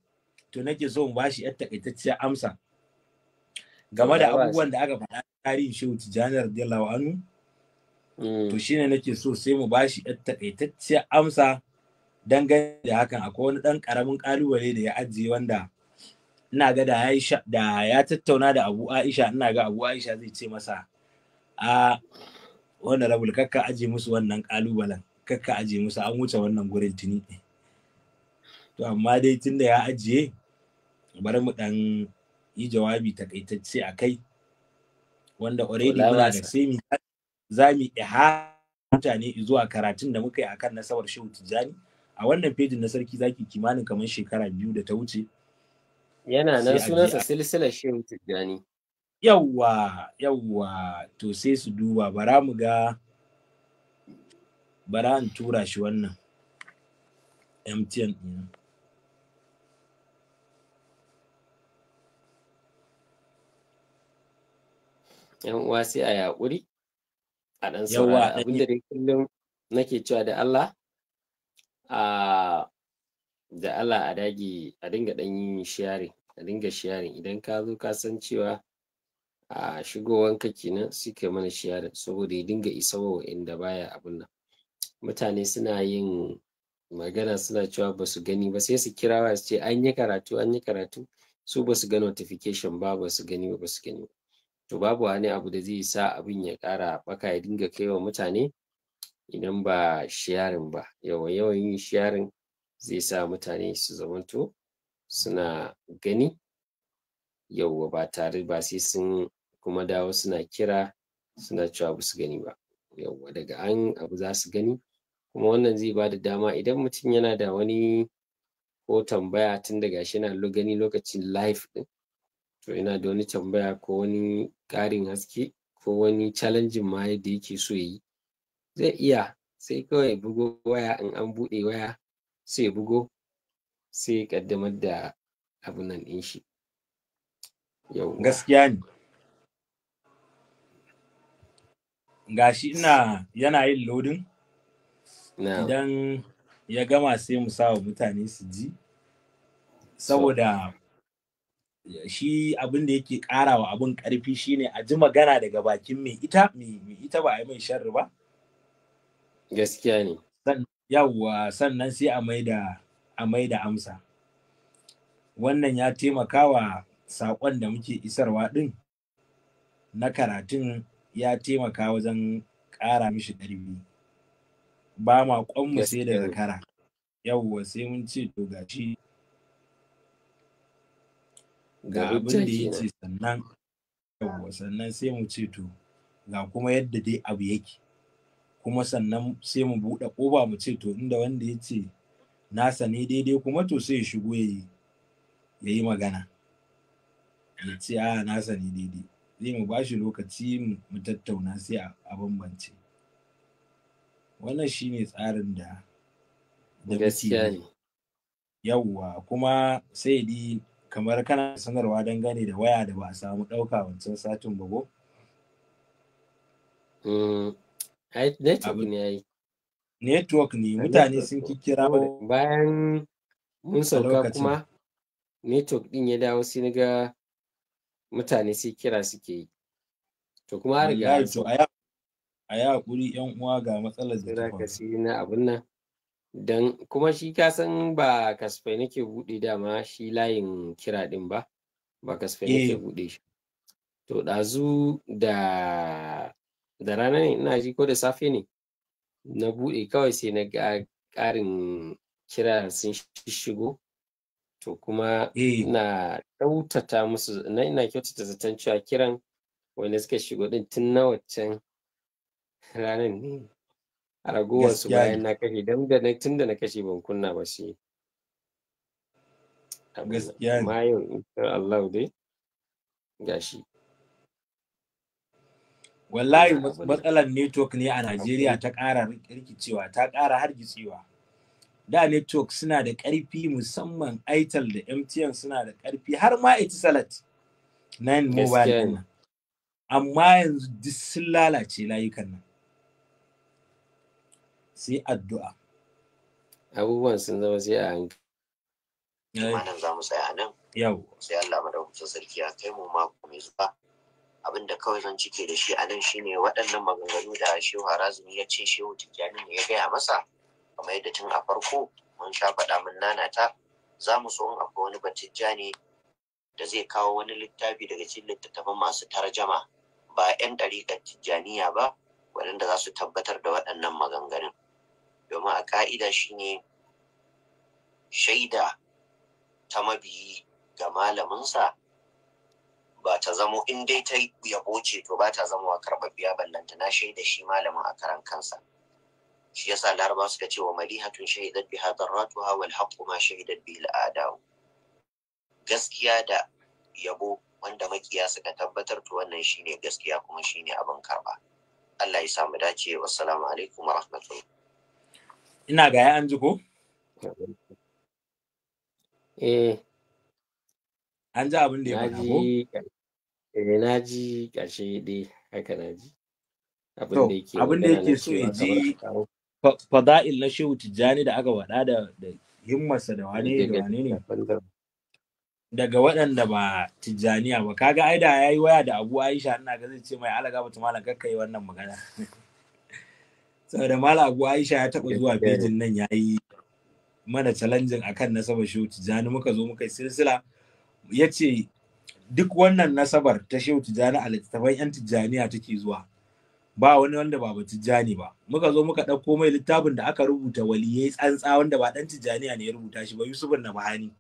to nake so in bashi yar takaitacciyar amsa game da abubuwan da aka faɗa tarihin shehu tijjani radiyallahu anhu mm. to shine nake so sai mu bashi yar takaitacciyar amsa dangane da hakan akwai wani ɗan ƙaramin ƙalubale da ya ajiye wanda ina ga da ya tattauna da abu aisha ina ga abu aisha zai ce masa a wanda rabul kakka aje musu wannan kalubalen kakka aje musu an wuce wannan gurin tuni to amma dai tunda ya ajiye bari mu dan yi jawabi takaitacce a kai wanda already muna da semi za mu iha mutane zuwa karatun da muka yi akan nasawar shehu tijjani a wannan fejin na sarki zaki kimanin kamar shekara biyu da ta wuce yana nan sunansa silsilar shehu tijjani yawwa yawwa to sai su duba bara mu ga bara an tura shi wannan mtn ɗin yan uwa sai a yaƙuri a ɗan saurara abinda dai kullum nake cewa da Allah a da Allah a dage a dinga ɗan yin sharing a dinga sharing idan ka zo ka san cewa a shigowanka kenan su ke mana shiyarar saboda ya dinga isa wa inda baya abin nan mutane suna yin magana suna cewa ba su gani ba sai su kira wa su ce an yi karatu an yi karatu su ba su ga notification ba ba su gani ba su gani to babu wani abu da zai sa abin ya kara baka ya dinga kai wa mutane idan ba shiyarin ba yawan yawan yin shiyarin zai sa mutane su zamanto suna gani yauwa ba tare ba sai sun kuma dawo suna kira suna cewa ba su gani ba yawwa daga an abu za su gani kuma wannan zai ba da dama idan mutum yana da wani ko tambaya tun daga shi yana gani lokacin live ɗin to yana da wani tambaya ko wani ƙarin haske ko wani challenge ma yadda yake so ya yi zai iya sai kawai bugo waya in an buɗe waya sai bugo sai kaddamar ƙaddamar da abunan nan ɗin shi gaskiya ne gashi ina yana yin lodin idan ya gama sai mu sa wa mutane su ji saboda shi abin da yake karawa abin karfi shine a ji magana daga bakin mai ita mai ita ba a yi mai sharri ba gaskiya ne yawwa sannan sai a da a da amsa wannan ya taimaka wa saƙon da muke isarwa ɗin na karatun ya taimaka wajen ƙara mishi ɗarbi ba ma ƙwanmu sai da zakara yawwa sai mun ce to gashi ga abin da ya ce sannan yawwa sannan sai mu ce to ga kuma yadda dai abu yake kuma sannan sai mu buɗe ƙoba mu ce to inda wanda ya ce nasa ne daidai kuma to sai ya shigo ya yi magana ya ce a nasa ne daidai zai mu bashi lokaci mu tattauna sai a bambance wannan shine tsarin da da gaskiya ne yawwa kuma sai di kamar kana sanarwa dangane da waya da ba a samu ɗauka wancan satin ba mm, network ne ai network ne mutane sun kikira bayan mun sauka kuma network din ya dawo sai na ga mutane sai kira suke yi to kuma a riga a ya hakuri yan uwa ga matsalar da ka si na abin nan dan kuma shi ka san ba kasfai nake bude dama shi layin kira din ba ba kasfai nake eh. bude shi to ɗazu da da rana ne ina ji ko da safe ne na bude kawai sai na ga ƙarin kira sun shigo to kuma eh. ina kyautata musu na ina kyautata zaton cewa kiran wanda suka shigo din tun na waccan ranar ne a ragowar su bayan na kashe don da na tun da na kashe ban kunna ba shi mayon ma yau insha Allah dai gashi wallahi matsalar network ne a Najeriya ta ƙara rikicewa ta ƙara hargitsewa da network suna da ƙarfi musamman itel da mtn suna da ƙarfi har ma etisalat nine mobile nan amma yanzu duk sun lalace layukan nan sai addu'a abubuwan sun zama sai a hankali eh. malam za mu tsaya nan yau sai Allah madaukakin sarki ya kai mu mako mai zuwa abin da kawai zan cike da shi a nan shine waɗannan maganganu da shehu harazumi ya ce shehu tijjani ne ya gaya masa kamar yadda tun a farko mun sha faɗa mun nanata za mu so in akwai wani batijja ne da zai kawo wani littafi daga cikin littattafan masu tarjama ba 'yan ɗariƙar tijjaniya ba waɗanda za su tabbatar da waɗannan maganganun domin a ƙa'ida shi ne shaida ta mabiyi ga malaminsa ba ta zamo in dai ta yabo ce to ba ta zama karɓaɓɓiya ballanta na shaida shi malamin a karan kansa. shi yasa laraba suka ce wa malihatun shahidat bi hadaratuha wal haqqu ma shahidat al adaw gaskiya da yabo wanda makiya suka tabbatar to wannan shine gaskiya kuma shine abin karba Allah ya samu dace assalamu alaikum wa rahmatullahi ina ga ya an ji ko eh an ji abin da ya faɗa ko eh na ji ƙarshe dai haka na ji abin da yake so ya ji fada'il na shehu tijjani da aka bada da himmarsa da wane da ne daga waɗanda ba tijjaniya ba kaga ai da yayi waya da abu aisha ina ga zai ce mai alaga ba malam kakkai wannan magana saboda malam abu aisha ya taɓa zuwa bejin nan yayi mana challenging akan nasabar shehu tijjani muka zo muka yi silsila ya ce duk wannan nasabar ta shehu tijjani a littattafan yan tijjaniya take zuwa ba wani wanda ba tijjani ba muka zo muka ɗauko mai littafin da aka rubuta waliyai tsantsa wanda ba ɗan tijjani ne ya rubuta shi ba yusuf na bahani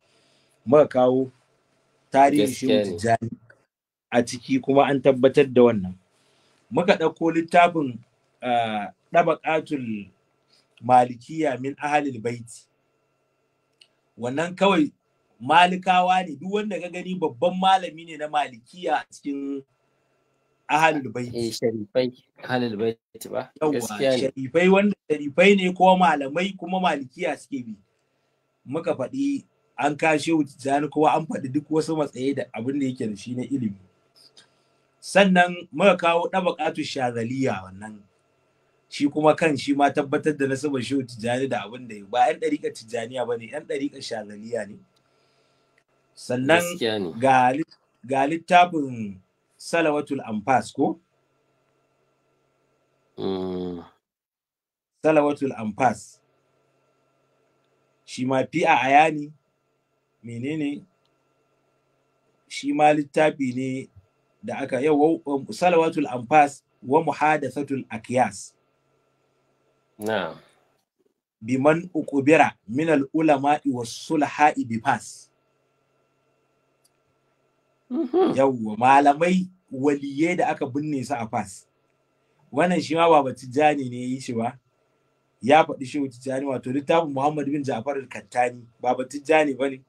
muka kawo tarihin shi tijjani a ciki kuma an tabbatar da wannan muka ɗauko littafin ah, ɗabaƙatul malikiya min ahalil baiti wannan kawai malikawa ne duk wanda ka gani babban malami ne na malikiya a cikin ahalul bait eh sharifai ahalul bait ba gaskiya sharifai wanda sharifai ne ko malamai kuma malikiya suke bi muka faɗi an kashe wutizani kuma an faɗi duk wasu matsayi da abin da yake da shi na ilimi sannan muka kawo ɗabaƙatu shazaliya wannan shi kuma kan shi ma tabbatar da nasabar shehu tijjani da abin da ba 'yan ɗariƙar tijjaniya ba ne 'yan ɗariƙar shazaliya ne sannan ga littafin salawatul anfas ko mm. salawatul anfas shi ma fi a ayani menene shi ma littafi ne da aka yau um, salawatul anfas wa muhadathatul akyas na'am biman ukubira min al ulama'i was sulha'i bi fas mhm. yawwa malamai Waliye da aka binne su a fas wannan shi ma baba tijjani ne yi shi ba ya faɗi wa tijjani wato littafin muhammad bin ja'far kattani baba tijjani ba ne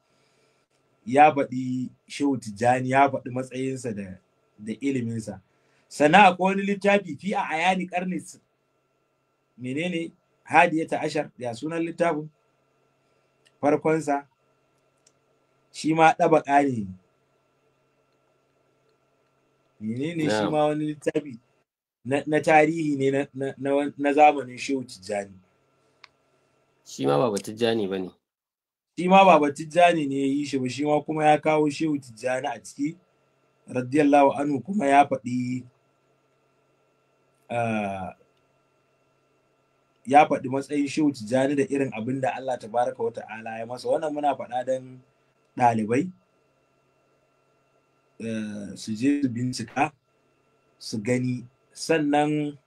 ya faɗi wa tijjani ya faɗi matsayinsa da da iliminsa sana akwai wani littafi fi a ayani karni menene hadiyata ashar ya sunan littafin farkonsa shi ma ɗabaƙa ne Ne ne shi ma wani littafi na tarihi ne na zamanin shehu tijjani shi ma baba tijjani ba ne shi ma baba tijjani ne ya yi shi ba shi ma kuma ya kawo shehu tijjani a ciki radiyallahu anhu kuma ya faɗi ah, ya faɗi matsayin shehu tijjani da irin abin da Allah Ta baraka wata'ala ya masa wannan muna faɗa don ɗalibai Eh, su je su bincika su gani sannan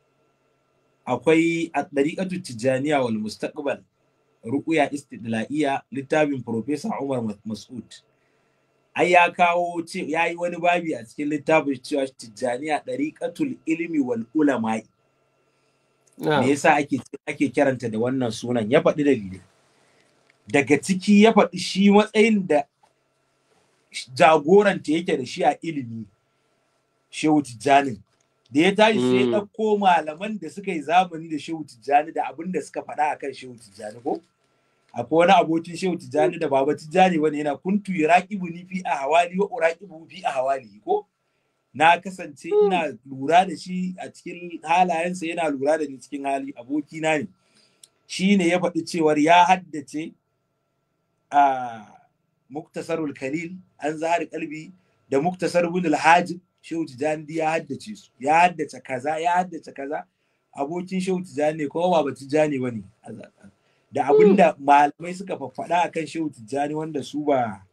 akwai a ɗariƙatu tijjaniya wal mustaqbal ruƙuya istidla'iya littafin Profesa Umar Mas'ud. Ai ya kawo ce ya yi wani babi a cikin littafin cewa Tijjaniya ɗariƙatul ilimi wal ulama'i. Me yasa ake ake kiranta da wannan sunan ya faɗi dalilai Daga ciki ya faɗi shi matsayin da jagoranta yake da shi a ilimi shehu Tijjani. da ya tashi sai ya hmm. ɗauko malaman da suka yi zamani da shehu tijjani da abin da suka faɗa a kan shehu tijjani ko akwai wani abokin shehu tijjani da baba tijjani wani yana kuntu ya raƙi ni fi a hawali wa raƙi fi a hawali ko na kasance hmm. ina lura da shi a cikin halayensa yana lura da ni cikin hali abokina ne shi ne ya faɗi cewar ya haddace a ah, muktasarul kalil an zahar kalbi da muktasar ibn hajib shehu tijani ya haddace su ya haddace kaza ya haddace kaza abokin shehu tijani ko ba ba tijani bane da abinda malamai suka faffada akan shehu tijani wanda su ba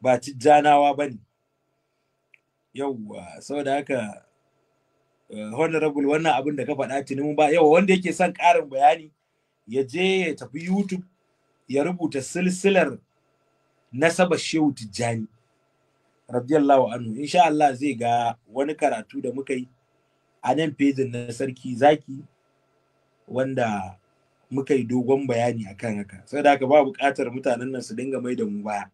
ba tijjanawa bane yauwa saboda haka honorable wannan abin da ka faɗa tuni mun ba yawa wanda yake son ƙarin bayani ya je ya tafi youtube ya rubuta silsilar nasaba shehu tijjani radiyallahu anhu insha Allah zai ga wani karatu da muka yi a nan fejin na sarki zaki wanda muka yi dogon bayani akan haka sai da haka ba buƙatar mutanen nan su dinga mai da mu baya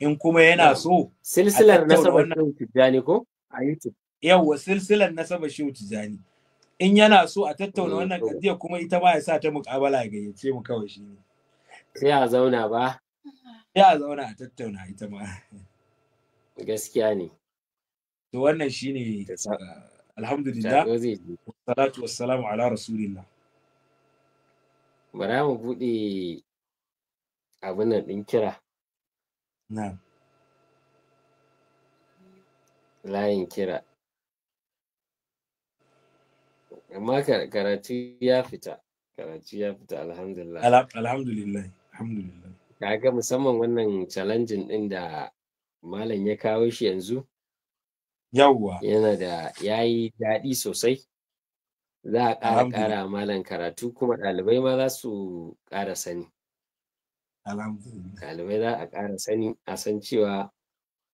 in kuma yana so silsilar nasaba shehu tijjani ko a YouTube yawa silsilar nasaba shehu tijjani in yana so a tattauna mm, wannan kadiya kuma ita ba ya sa ta mukabala ya gayyace mu kawai shi ne sai a zauna ba ya zauna a tattauna ita ma gaskiya ne to wannan shi ne eh, alhamdulillah salatu wassalamu ala rasulillah bara mu bude abin nan din kira layin kira amma karatu ya fita karatu ya fita alhamdulillah alhamdulillah alhamdulillah kaga musamman wannan challenge ɗin da malam ya kawo shi yanzu yawwa yana da ya yi daɗi sosai za a ƙara ƙara malam karatu kuma ɗalibai ma za su ƙara sani ɗalibai za a ƙara sani a san cewa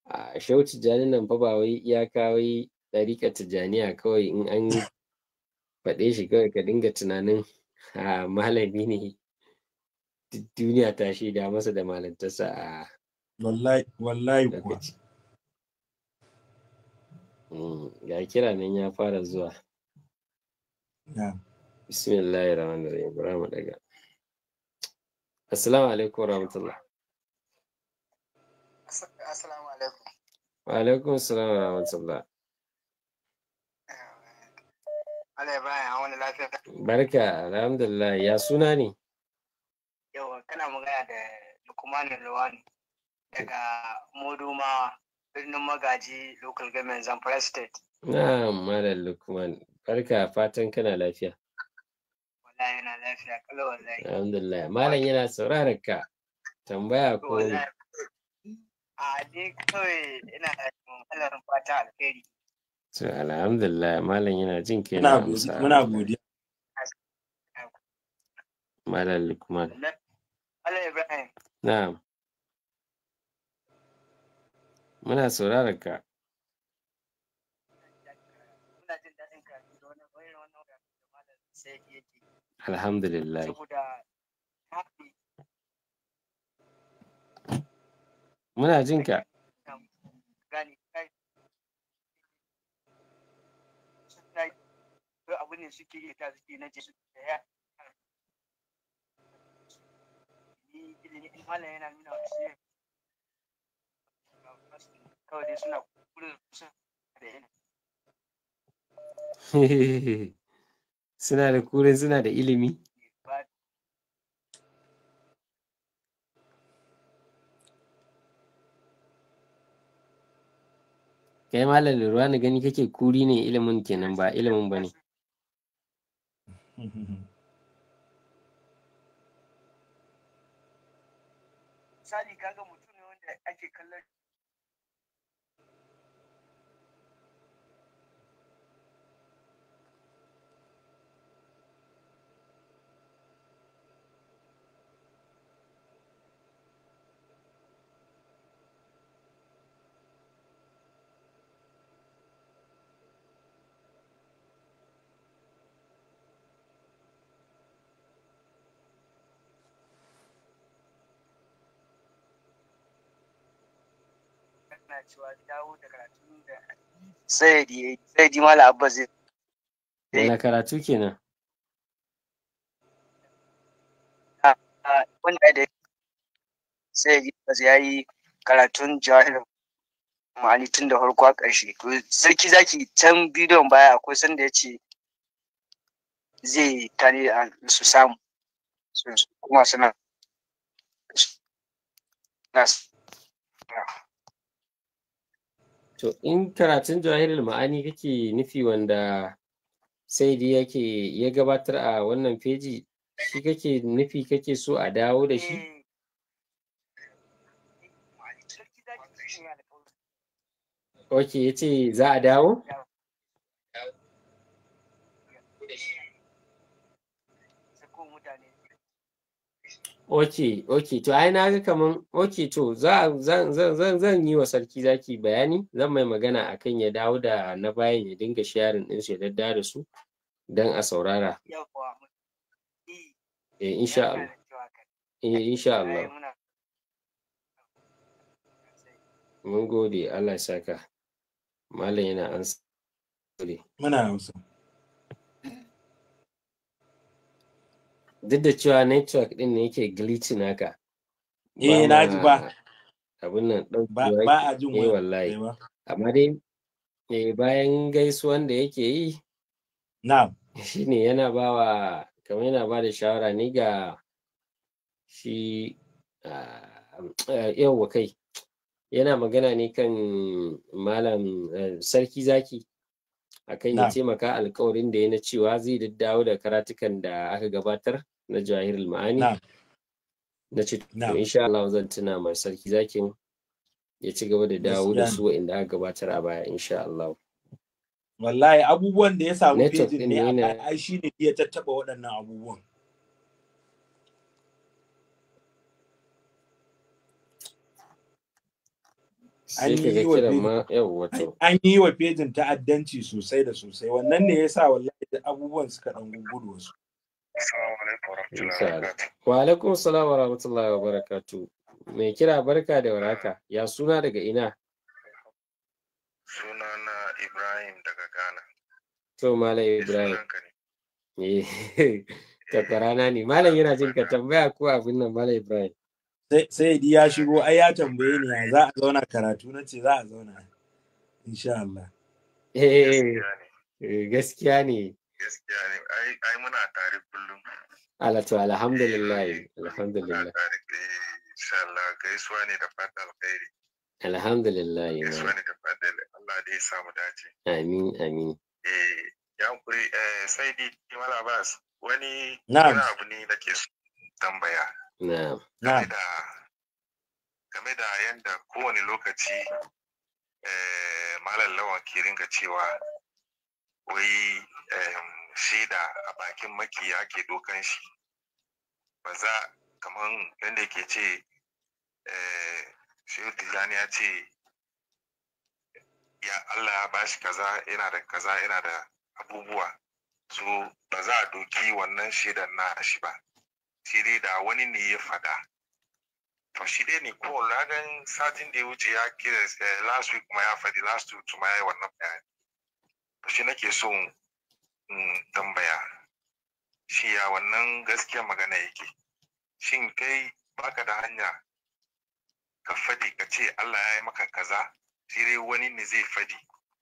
a shau jani nan fa ba wai kawai in an faɗe shi kawai ka dinga tunanin malami ne duniya ta shaida masa da malantarsa a wallahi kuwa mm, ga kira nan ya fara zuwa bismillahir rahmanir rahim bara daga assalamu alaikum rahmatullah assalamu alaikum wa alaikum assalam warahmatullah eh, wani lafiya barka alhamdulillah ya suna ne yau kana magana da lukumanin luwani daga moduma birnin magaji local government zamfara state na malam lukman barka fatan kana lafiya wallahi yana lafiya kala wallahi alhamdulillah malam yana sauraron ka tambaya ko a dai kawai ina da fata alheri to alhamdulillah malam yana jin kenan muna godiya malam lukman Ala Ibrahim. Na'am. Muna sauraron ka. Muna jin Muna jin ka. abu ne suke yi ta suke na jesu da ya suna da ilimi suna da kurin suna da ilimi kai malam ruwa na gani kake kuri ne ilimin kenan ba ilimin ba ne yana cewa dawo da karatu da sayyidi sayyidi mala abbas zai na karatu kenan ah, ah, wanda da sayyidi abbas ya yi karatun jahil ma'ani tun da farko a ƙarshe to sarki zaki can bidiyon baya akwai sanda ya ce zai tani su samu kuma suna na To in karatun jawahirul ma'ani kake nufi wanda sai dai yake ya gabatar a wannan feji shi kake nufi kake so a dawo da shi? Eh, ok, ya ce za a dawo? ok ok to ai na ga kaman ok to za zan zan zan yi wa sarki zaki bayani zan mai magana akan ya dawo da na bayan ya dinga sharing din su ya dadda da su dan a saurara eh insha Allah eh insha Allah mun gode Allah ya saka mallam yana ansa muna amsa duk da cewa network din ne yake glitch naka eh na ji ba abin nan ba a jin eh, wallahi amma dai eh bayan gaisuwan da yake yi na'am shine yana bawa kamar yana ba da shawara ni ga shi ah, eh, yawwa kai yana magana ne kan malam eh, sarki zaki akan ya taimaka alkawarin da ya na cewa zai daddawo da karatukan da aka gabatar na jahir ma'ani na ce sha Allah zan tuna mai sarki zakin ya ci gaba da dawo da su inda aka gabatar a baya sha Allah wallahi abubuwan da ya samu pejin ne ai shine ya tattaba waɗannan abubuwan an yi wa pejin ta'addanci sosai da sosai wannan ne ya sa wallahi da abubuwan suka ɗan gudu wasu Wa alaikum salam wa rahmatullahi wa barakatu. Mai kira barka da waraka, ya suna daga ina? Suna na Ibrahim daga Ghana. To, Malam eh, Ibrahim. Eh, eh, rana ne. Malam yana jin ka tambaya ko abin nan Malam Ibrahim. Sai di ya shigo, ai ya tambaye ni za a zauna karatu na ce za a zauna. Insha Allah. Eh, gaskiya ne. gaskiya ne ai muna tare kullum ala to alhamdulillah eh, alhamdulillah eh, insha Allah gaisuwa ne da fatan alkhairi alhamdulillah gaisuwa ne da fatan Allah da ya samu dace amin amin eh ya kuri eh sai di mala bas wani wani abu ne nake tambaya na'am na'am game da yanda kowane lokaci eh malam ke ringa cewa wai shaida a bakin makiya ke dokan shi ba za kamar yadda ke ce eh, shehu tijjani ya ce ya allah ya bashi kaza yana da kaza yana da abubuwa so ba za a doki wannan shaida na shi ba shi dai da wani ne ya fada to shi dai ne ko ranar satin da ya wuce ya kira eh, last week kuma ya faɗi last week kuma ya yi wannan bayani shi nake so tambaya shi ya wannan gaskiya magana yake shin kai baka da hanya ka fadi ka ce Allah ya yi maka kaza shi dai wani ne zai fadi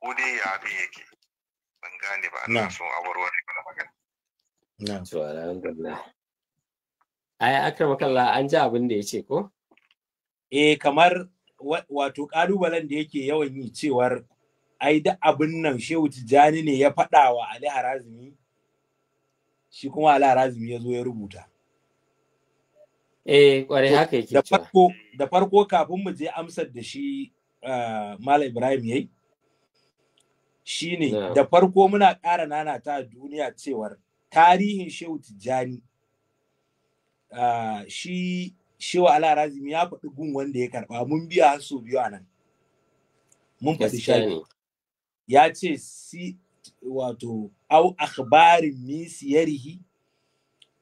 ko dai ya abin yake ban gane ba ana so a warware mana magana na to alhamdulillah ai akrama makalla an ji abin da yace ko eh kamar wato kalubalen da yake yawan yi cewar ai da abin nan shehu tijjani ne ya faɗa wa ali harazimi shi kuma ali harazimi ya zo ya rubuta eh kwarai haka yake da farko da farko kafin mu je amsar da shi eh, Mal ibrahim yayi shine da farko muna ƙara nana ta duniya cewar tarihin shehu tijjani eh, shi shehu ala razim ya faɗi gun wanda ya karɓa mun biya har sau biyu a nan mun faɗi shafi ya ce si wato au akhbarin min siyarihi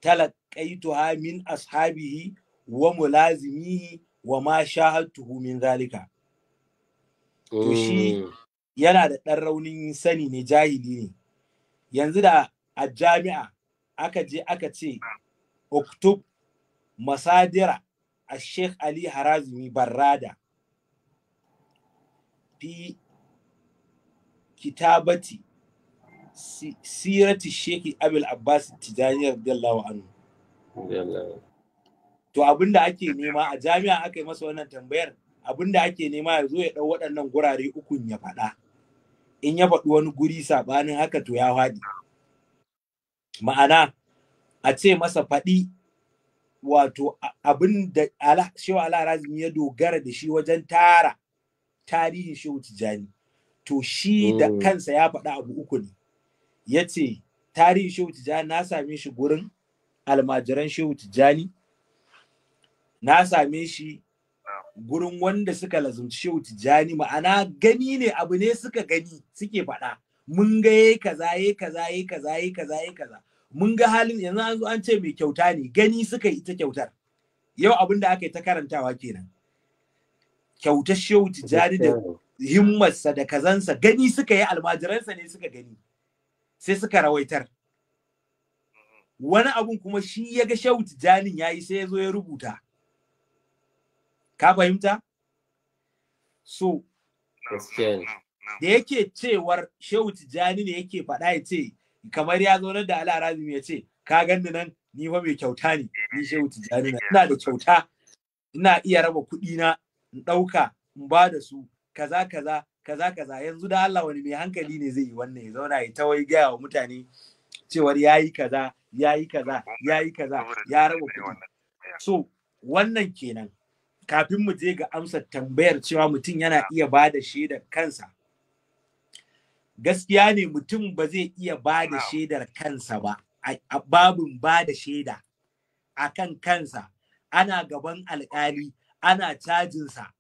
talaqaituha min ashabihi wa mulazimihi wa ma shahadtuhu min zalika to shi mm. yana da ɗan raunin sani ne jahili ne yanzu da a jami'a aka je aka ce oktub masadira a sheikh ali harazmi barrada fi kitabati sirati sheki abil abbas tijani radiyallahu anhu to abinda ake nema a jami'a aka masa wannan tambayar abinda ake nema ya zo ya dau waɗannan gurare ukun ya faɗa in ya faɗi wani guri sabanin haka to ya faɗi ma'ana a ce masa faɗi wato abin da ala alarazmi ya dogara da shi wajen tara tarihin shehu tijani to shi da mm. kansa ya faɗa abu uku ne ya ce tarihin shehu tijjani na same shi gurin almajiran shehu tijjani na same shi gurin wanda suka lazumci shehu tijjani ma'ana gani ne abu ne suka gani suke faɗa mun ga yayi kaza yayi kaza yayi kaza yayi kaza yayi kaza mun ga halin yanzu an zo an ce mai kyauta ne gani suka yi ta kyautar yau abin da aka yi ta karantawa kenan kyautar shehu tijjani da himmarsa da kazansa gani suka yi almajiransa ne suka gani sai suka rawaitar wani abun kuma shi ya ga shehu yayi ya yi sai ya zo ya rubuta ka fahimta so da yake cewar shehu tijjani ne yake faɗa ya ce kamar ya zo da al'arabi ya ce ka gani nan ni fa mai kyauta ne ni shehu tijjani na ina da kyauta ina iya raba kuɗi na in ɗauka in ba da su kaza kaza kaza kaza yanzu da Allah wani mai hankali ne zai yi wannan ya zauna ya tawai gaya wa mutane cewar yayi kaza yayi kaza yayi kaza ya raba kuɗi so wannan kenan kafin mu je ga amsa tambayar cewa mutum yana iya ba da shaidar kansa gaskiya ne mutum ba zai iya ba da shaidar kansa ba a babin ba da shaida a kan kansa ana gaban alkali ana cajinsa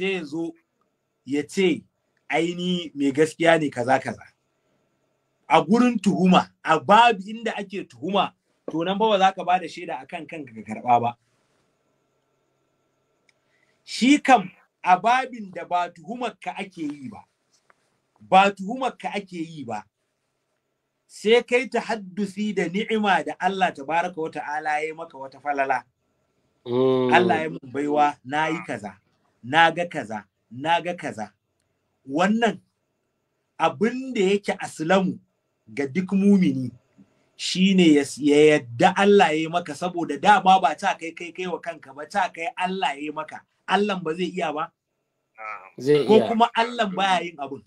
sai ya zo ya ce aini mai gaskiya ne kaza kaza a gurin tuhuma a babu inda ake tuhuma to nan ba za ka ba da shaida akan kanka ka karba ba shi kam a babin da ba tuhumar ka ake yi ba ba tuhumar ka ake yi ba sai kai ta haddusi da ni'ima da Allah ta baraka wata ala ya maka wata falala mm. Allah ya mun baiwa na yi kaza na ga kaza na ga kaza wannan abin da yake aslamu ga duk mumini shine ya yadda Allah ya yi maka saboda dama ba ta kai kai kai wa kanka ba ta kai Allah ya yi maka Allah ba zai iya ba ko kuma Allah baya yin abin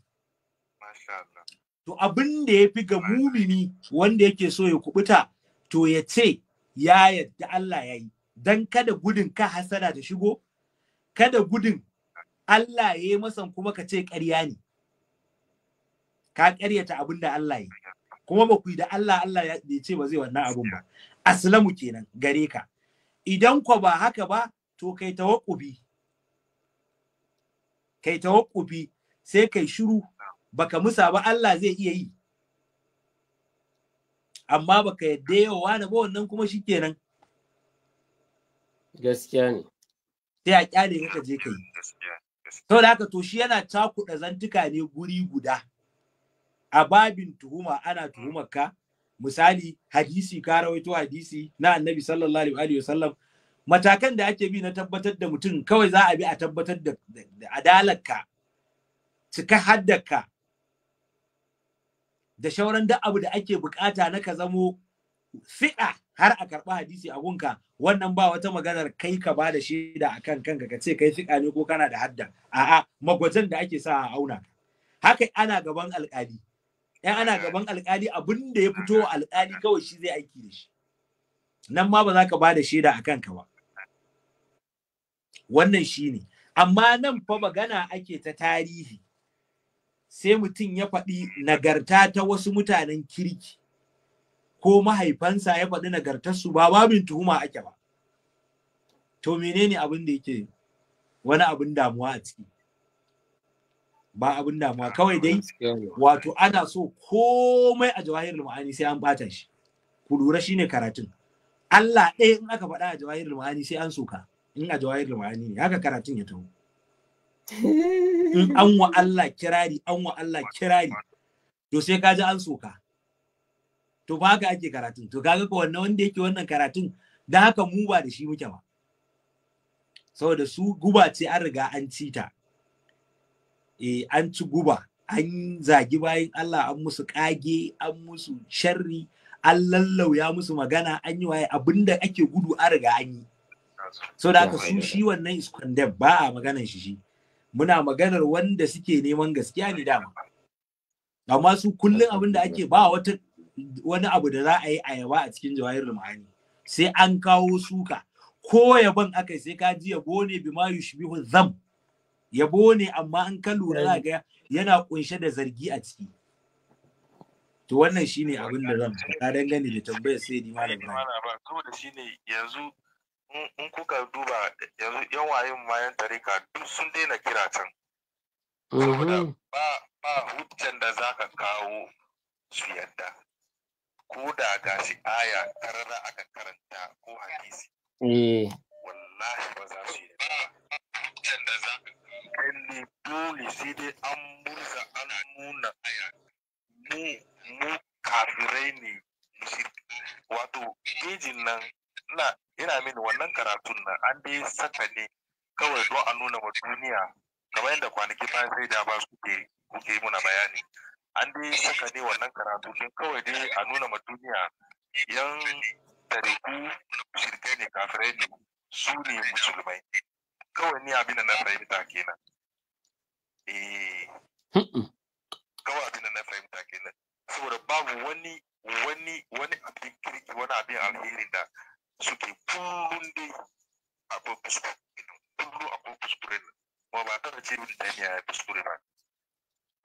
to abin da ya fi ga mumini wanda yake so ya kubuta to ya ce ya yadda Allah ya yi don kada gudun ka hasada ta shigo kada gudun Allah ya yi masan kuma ka ce ƙarya ne ka ƙaryata abin da Allah ya kuma ba ku yi da Allah Allah ya ce ba zai wannan abun ba aslamu kenan gare ka idan ko ba haka ba to kai tawakkufi kai tawakkufi sai kai shiru baka musa ba Allah zai iya yi amma baka yadda yawa na ba wannan kuma shikenan gaskiya ne sai a kyale ka je kai to da haka to shi yana cakuɗa zantuka ne guri guda a babin tuhuma ana tuhumar ka misali hadisi ka rawaito hadisi na annabi sallallahu alaihi wasallam matakan da ake bi na tabbatar da mutum kawai za a bi a tabbatar da adalarka cika haddarka da shauran duk abu da ake bukata na ka zamo fiɗa har a karɓi hadisi a gunka wannan ba wata maganar kai ka ba da shaida a kan kanka ka ce kai fiƙa ne ko kana da hadda a'a magwajen da ake sa a auna haka ana gaban alƙali yan ana gaban alƙali abin da ya fito wa alƙali kawai shi zai aiki da shi nan ma ba za ka ba da shaida a kanka ba wannan shi ne amma nan fa magana ake ta tarihi sai mutum ya faɗi nagarta ta wasu mutanen kirki ko mahaifansa ya faɗi nagartarsu ba babin tuhuma ake ba to menene abin da yake wani abin damuwa a ciki ba abin damuwa kawai dai wato ana so komai a jawahir ma'ani sai an bata shi ku lura shine karatun Allah ɗaya in aka faɗa a jawahir ma'ani sai an soka in a jawahir ma'ani ne haka karatun ya taho in an wa Allah kirari an wa Allah kirari to sai ka ji an soka to ba haka ake karatu? to kaga ko wannan wanda yake wannan karatun da haka mu ba da shi muke ba saboda su guba ce an riga an ci ta eh an ci guba an zagi bayan Allah an musu kage an musu sharri an lallauya musu magana an yi waye abinda ake gudu an riga an yi so da haka su shi wannan is condemned ba a maganar shi shi muna maganar wanda suke neman gaskiya ne dama amma su kullum abinda ake ba wata wani abu da za a yi ayaba a cikin jawahir rum'ani sai an kawo suka ko yabon aka sai ka ji yabo ne bi ma yushbihu zam yabo ne amma an ka lura za ga yana kunshe da zargi a ciki to wannan shine abin da zan ka dangane da tambayar sai di malam saboda shine yanzu in kuka duba yanzu yan wayin mayan tarika duk sun daina kira can mm-hmm. ba ba hujjan da zaka kawo su yadda ko da gashi aya karara aka karanta ko hadisi eh. wallahi ba za su yi da za Kalli dole sai dai an murza an nuna aya mu mu kafirai ne wato gejin nan na ina mini wannan karatun nan an dai saka ne kawai don a nuna wa duniya kamar yadda kwanaki bayan sai da ba su ke kuke muna bayani an dai saka ne wannan karatu don kawai dai a nuna ma duniya yan tariku shirkai ne kafirai ne su ne musulmai kawai ni abin da na fahimta kenan eh kawai abin da na fahimta kenan saboda babu wani wani wani abin kirki wani abin alheri da suke kullum dai a kuskure kullum a kuskure ba tare ce da ya kuskure ba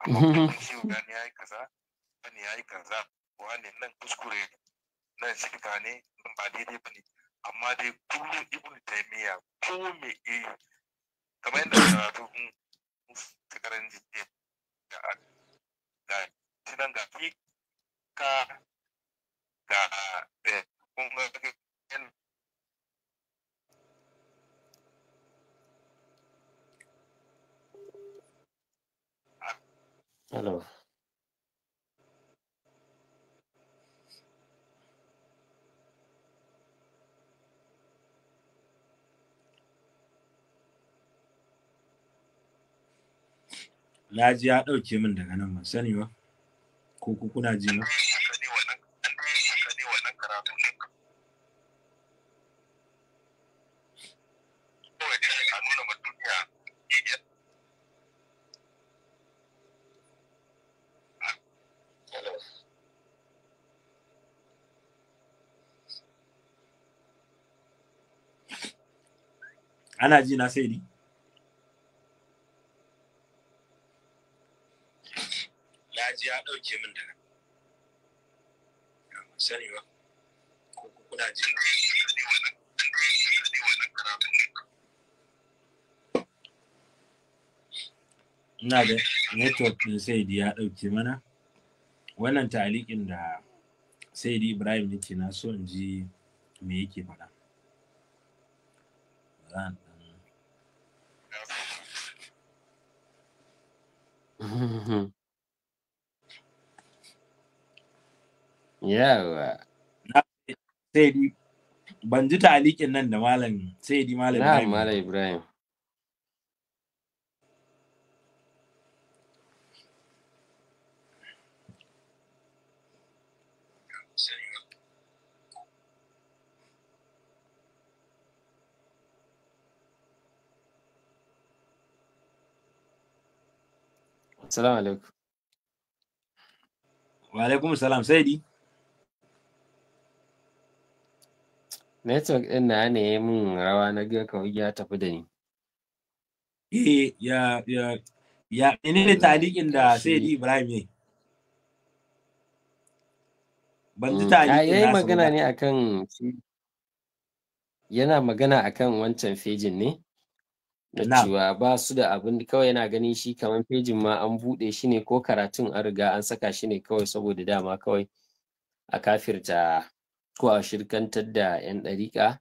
amma shi gani ya kaza wani ya yi kaza wani nan kuskure nan shirka ne nan ba daidai ba ne amma dai kullum ibn taimiyya ko me yi kamar yadda karatu in tsakarar jiye ga shi nan ga fi ka ga eh, kunga yan Alors. Na ji ya ɗauke min daga nan ban sani ba, ko kuna ji ba? ana ji na sai ni laji ya dauke min da sani ba ko kuna ji ina da network din sai ya dauke mana wannan talikin da sai ibrahim yake na so in ji me yake faɗa Yawa. Sai di, ban ji talikin nan da malam sai di Malam Ibrahim. Salam alaikum. Wa alaikum salam sai di. Network ɗin na ne ya min rawa na ga kawai ya tafi da ni. Eh ya ya ya menene talikin da sai Ibrahim ne? Ban ji mm, talikin nasa. Yayi magana ne akan yana magana akan wancan fejin ne? cewa ba su da abin kawai yana ganin shi kamar fejin ma an buɗe shi ne ko karatun an riga an saka shi ne kawai saboda dama kawai a kafirta ko a shirkantar da 'yan ɗariƙa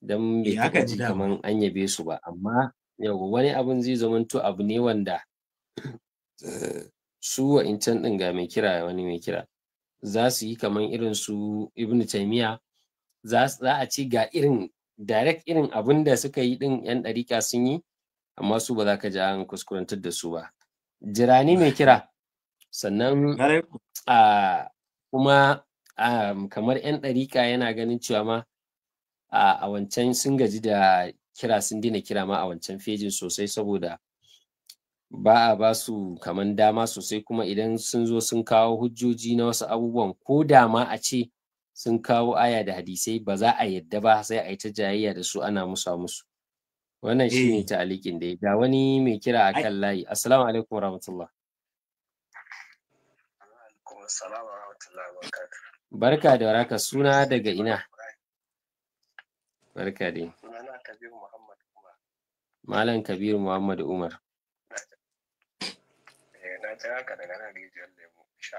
don eh, bai taɓa ji kamar an yabe su ba amma yau wani abin zai zamanto abu ne wanda eh, su wa wa'incan ɗin ga mai kira wani mai kira za su yi kamar irin su ibnu taimiya za a ce ga irin direct irin abin da suka yi din yan ɗarika sun yi amma su ba za ka ji an kuskurantar da su ba jirani mai kira sannan a kuma kamar yan ɗariƙa yana ganin cewa ma a wancan sun gaji da kira sun dina kira ma a wancan fejin sosai saboda ba a ba su kaman dama sosai kuma idan sun zo sun kawo hujjoji na wasu abubuwan ko da ma a ce sun kawo aya da hadisai ba za a yadda ba sai a yi ta jayayya da su ana musa musu wannan shi ne eh. ta'alikin da ga wani mai kira a kan layi assalamu alaikum rahmatullah barka da waraka suna daga ina barka dai malam kabiru muhammad umar eh, na daga nan rijiyar lemo sha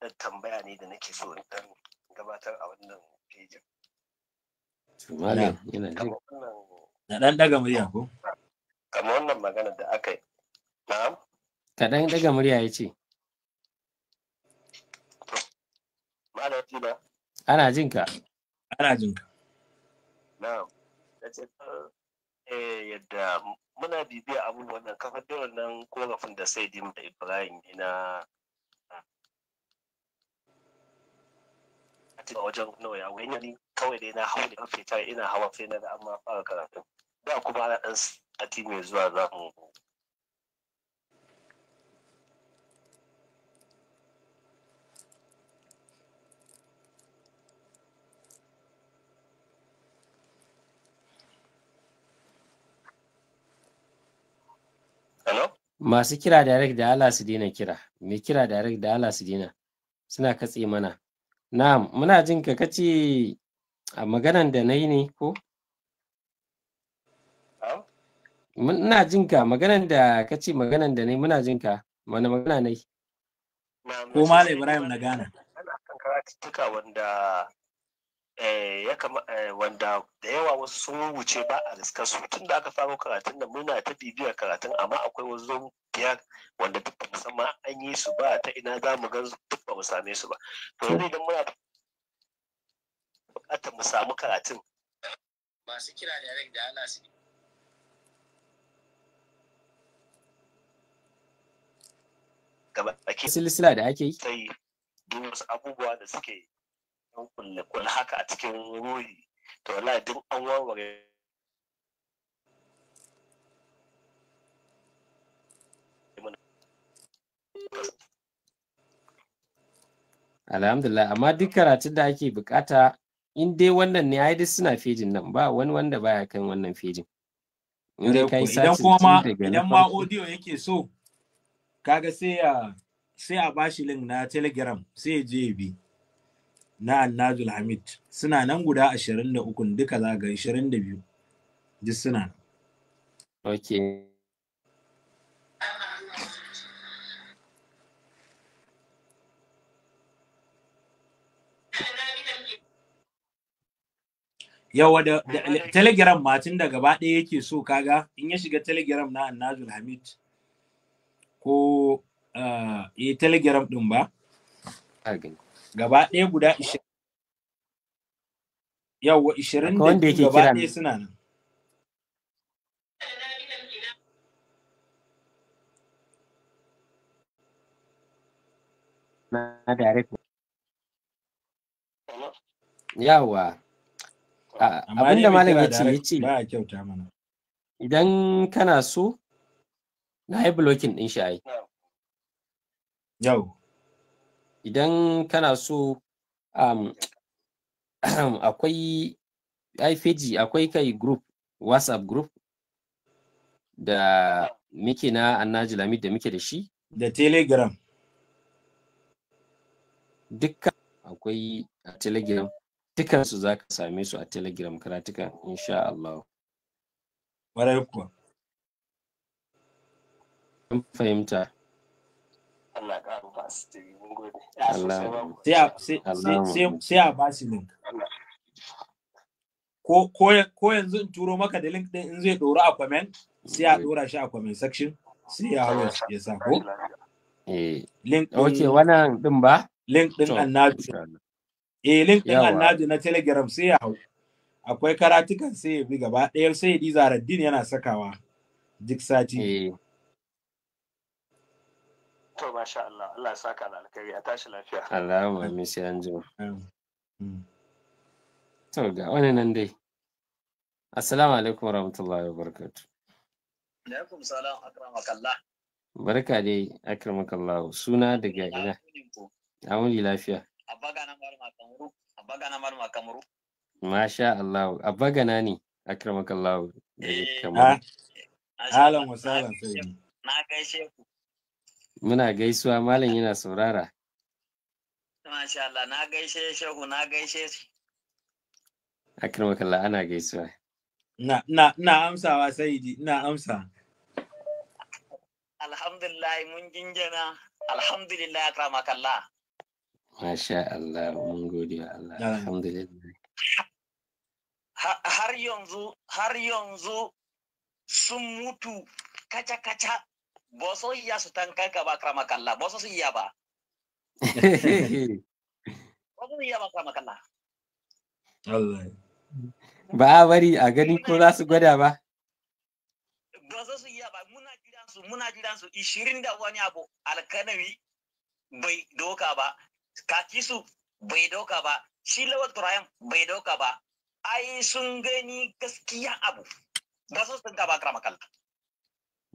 da tambaya ne da nake so in dan gabatar a wannan fejin. Na dan daga murya ko? Kamar wannan magana da aka yi. Na'am. Ka dan daga murya ya ce. Malam ba. Ana jin ka. Ana jin ka. Na'am. ce ta eh, yadda muna bibiya abubuwan nan kafa da wannan korafin da sai da Ibrahim ina a wajen nawa ya ne kawai dai na hau da karfe tare ina hawa sai na da amma fara karatu da kuma ana dan sati mai zuwa za mu Masu kira direct da Allah su dina kira, mai kira direct da Allah su dina, suna katse mana. Na'am, muna jin ka kace a maganan da na yi ne ko? Muna jin ka maganan da ka ce maganan da ne muna jin ka wani magana ne? Ko Malam Ibrahim na gana. Ana kan karatuttuka wanda Eh, eh, wanda da yawa wasu sun wuce ba a riskar su tun da aka faro karatun da muna ta bibiyar karatun amma akwai wasu biyar wanda duk musamman an yi su ba ta ina za mu gan duk ba mu same su ba to yanzu idan muna bukatar mu samu karatun masu kira da da ana su gaba ake silsila da ake yi sai duk wasu abubuwa da suke kulle-kulle haka a cikin ruhi to wallahi duk an warware Alhamdulillah amma duk karatun da ake bukata in dai wannan ne ai duk suna fejin nan ba wani wanda baya kan wannan fejin. In dai kai idan kuma idan ma audio yake so kaga sai a sai a bashi link na Telegram sai ya je bi. na annajul hamid suna nan guda 23 duka zaga 22 duk suna ok yawa da, telegram matin da gaba ɗaya yake so kaga in ya shiga telegram na annajul hamid ko yi eh, eh, telegram ɗin ba? gaba ɗaya guda ishirin yawwa ishirin da biyu gaba ɗaya suna nan na direct yawa abinda malam ya ce ya ce idan kana so na yi blocking ɗin shi ai yau idan kana so um, akwai ifeji akwai kai group whatsapp group da muke na annaji lamid da muke da shi da telegram dukkan akwai a telegram su za ka same su a telegram karatuka insha Allah. Warai kuwa. fahimta. Allah ka rufa asiri mun gode sai a ba su link ko yanzu in turo maka da link ɗin in zai ɗora a comment sai a ɗora shi a comment section sai ya hawo ya sa ko eh. link ɗin. okay wannan ɗin ba link ɗin annabi eh link ɗin annabi na telegram sai ya hau. akwai karatukan sai ya bi gaba ɗaya sai ya dizara din yana sakawa duk sati eh. To masha Allah, Allah ya saka da alkhairi a tashi lafiya. Allahumma amin an jima. Hmm. To alaikum wa rahmatullahi wa barakatu. Alaikum suna daga ina. lafiya. Abba gana marma kamuru. Abba gana marma kamuru. Masha Allah, abba gana ne akramakallah Eh, ah. sai. Na gaishe ku. Muna gaisuwa malam yana saurara. Masha Allah na gaishe shehu na gaishe shi. Akramakallah ana gaisuwa. Na na na amsawa Saidi na amsa. Alhamdulillah mun jinjina alhamdulillah kramakalla. Masha Allah mun gode wa Allah alhamdulillah. Har yanzu har yanzu sun mutu kaca-kaca boso iya su tan kai ka ba krama kalla boso su iya ba boso su iya ba krama kalla Allah ba a bari a gani ko za su gwada ba boso su iya ba muna gidan su muna gidan su 20 da wani abu alkanawi bai doka ba kaki su bai doka ba shi lawal turayen bai doka ba ai sun gani gaskiya abu ba su sun ba krama kalla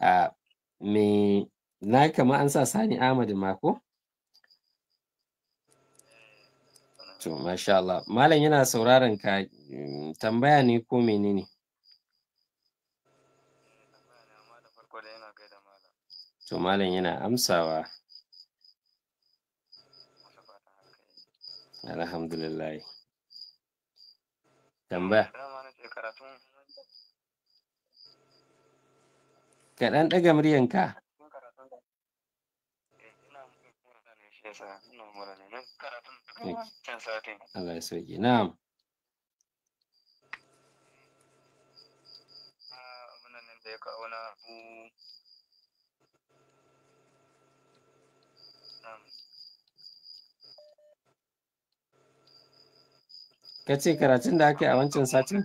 A me na kama an sa Sani Ahmad mako? To, masha Allah. Malam yana sauraron ka mm, tambaya ne ko menene? To, malam yana amsawa. Alhamdulillah. Tambaya. ka ɗan ɗaga muryanka Allah ya sauke na'am da ka ce karatun da ake a wancan satin?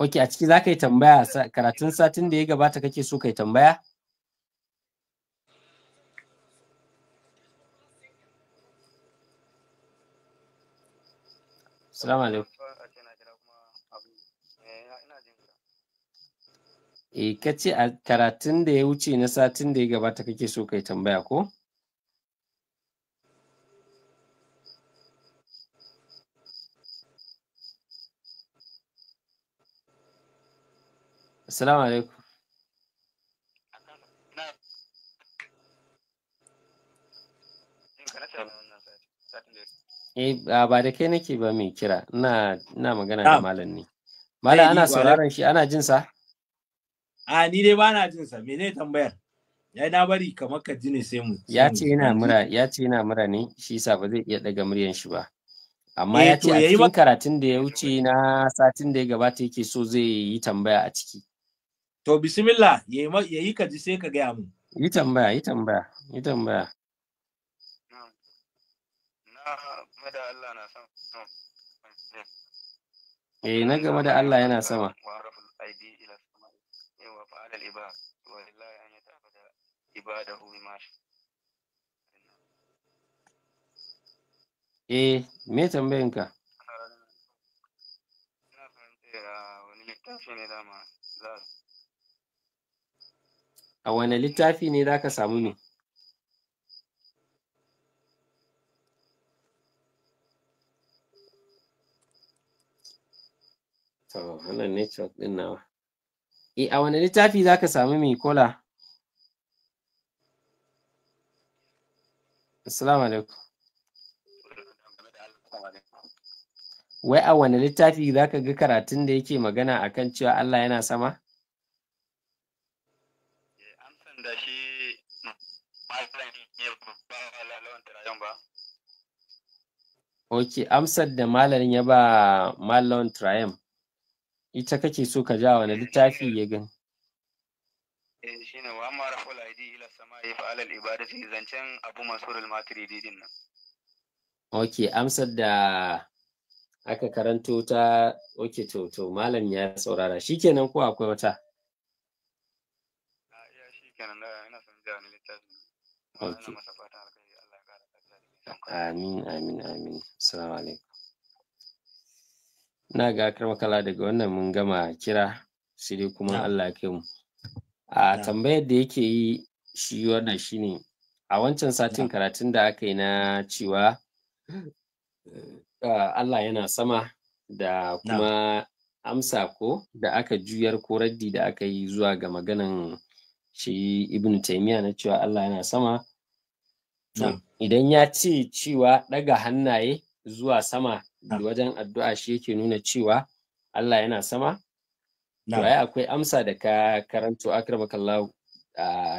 Ok, a ciki za ka yi tambaya karatun satin da ya gabata kake so ka yi tambaya? Salamu alaikum. E, ka ce a karatun da ya wuce na satin da ya gabata kake so ka yi tambaya ko? السلام alaikum. Eh ba da kai nake ba mai kira ina ina magana da malam ne. Malam ana sauraron shi ana jin sa? A ni dai ba na jin sa mene tambayar? Ya na bari kamar ka ji ne sai mu. Ya ce yana mura ya ce yana mura ne shi yasa ba zai iya daga muryan shi ba. Amma eh, ya ce a cikin karatun da ya wuce na satin da ya gabata yake so zai yi tambaya a ciki. To bismillah ya yi ka ji sai ka gaya mu. Yi tambaya, yi tambaya, yi tambaya. Na na mada Allah Eh na game da Allah yana sama. Eh, me tambayin ka? Na fahimta ah, wani littafi ne dama za su a wane littafi ne za ka samu me to network ɗin nawa e a wane littafi za ka samu me kola assalamu alaikum wai a wane littafi za ka ga karatun da yake magana akan cewa Allah yana sama? da shi malamin ya ba lalawan tarayen ba. Ok, amsar da malamin ya ba malawan tarayen ita kake so ka ja wani littafi ya gan. Eh shi ne wa amma raful aidi ila sama ya fi alal ibada fi zancen abu masu maturidi din nan. Ok, amsar da aka karanto ta ok to to malam ya saurara shi kenan ko akwai wata? Okay. Amin, amin, amin. Assalamu alaikum. ga karmakala daga wannan mun gama kira, sai kuma Allah ya mu. A tambayar da yake yi shi wannan shine a wancan satin karatun da aka yi na cewa eh, Allah yana sama da kuma amsa ko da aka juyar ko raddi da aka yi zuwa ga maganan shi ibn taimiya na cewa Allah yana sama idan ya ce cewa daga hannaye zuwa sama wajen addu'a shi yake nuna cewa Allah yana sama to ai akwai amsa da ka karanto akramakallahu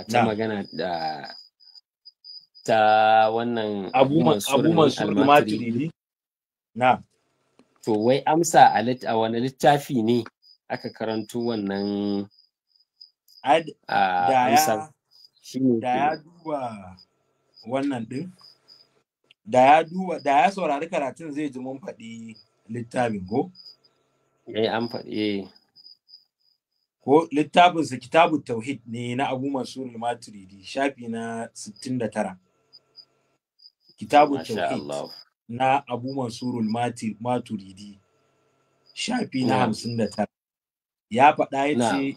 ta magana da ta wannan abubuwan mansur maturidi na to wai amsa a wani littafi ne aka karanto wannan da ya da ya duba wannan din da ya duba da ya saurari karatun zai ji mun faɗi littafin ko eh an faɗi eh. ko littafin sa kitabu tauhid ne na Abu Mansur al-Maturidi shafi na 69 kitabu tauhid na Abu Mansur al-Maturidi shafi na 59 ya faɗa ya ce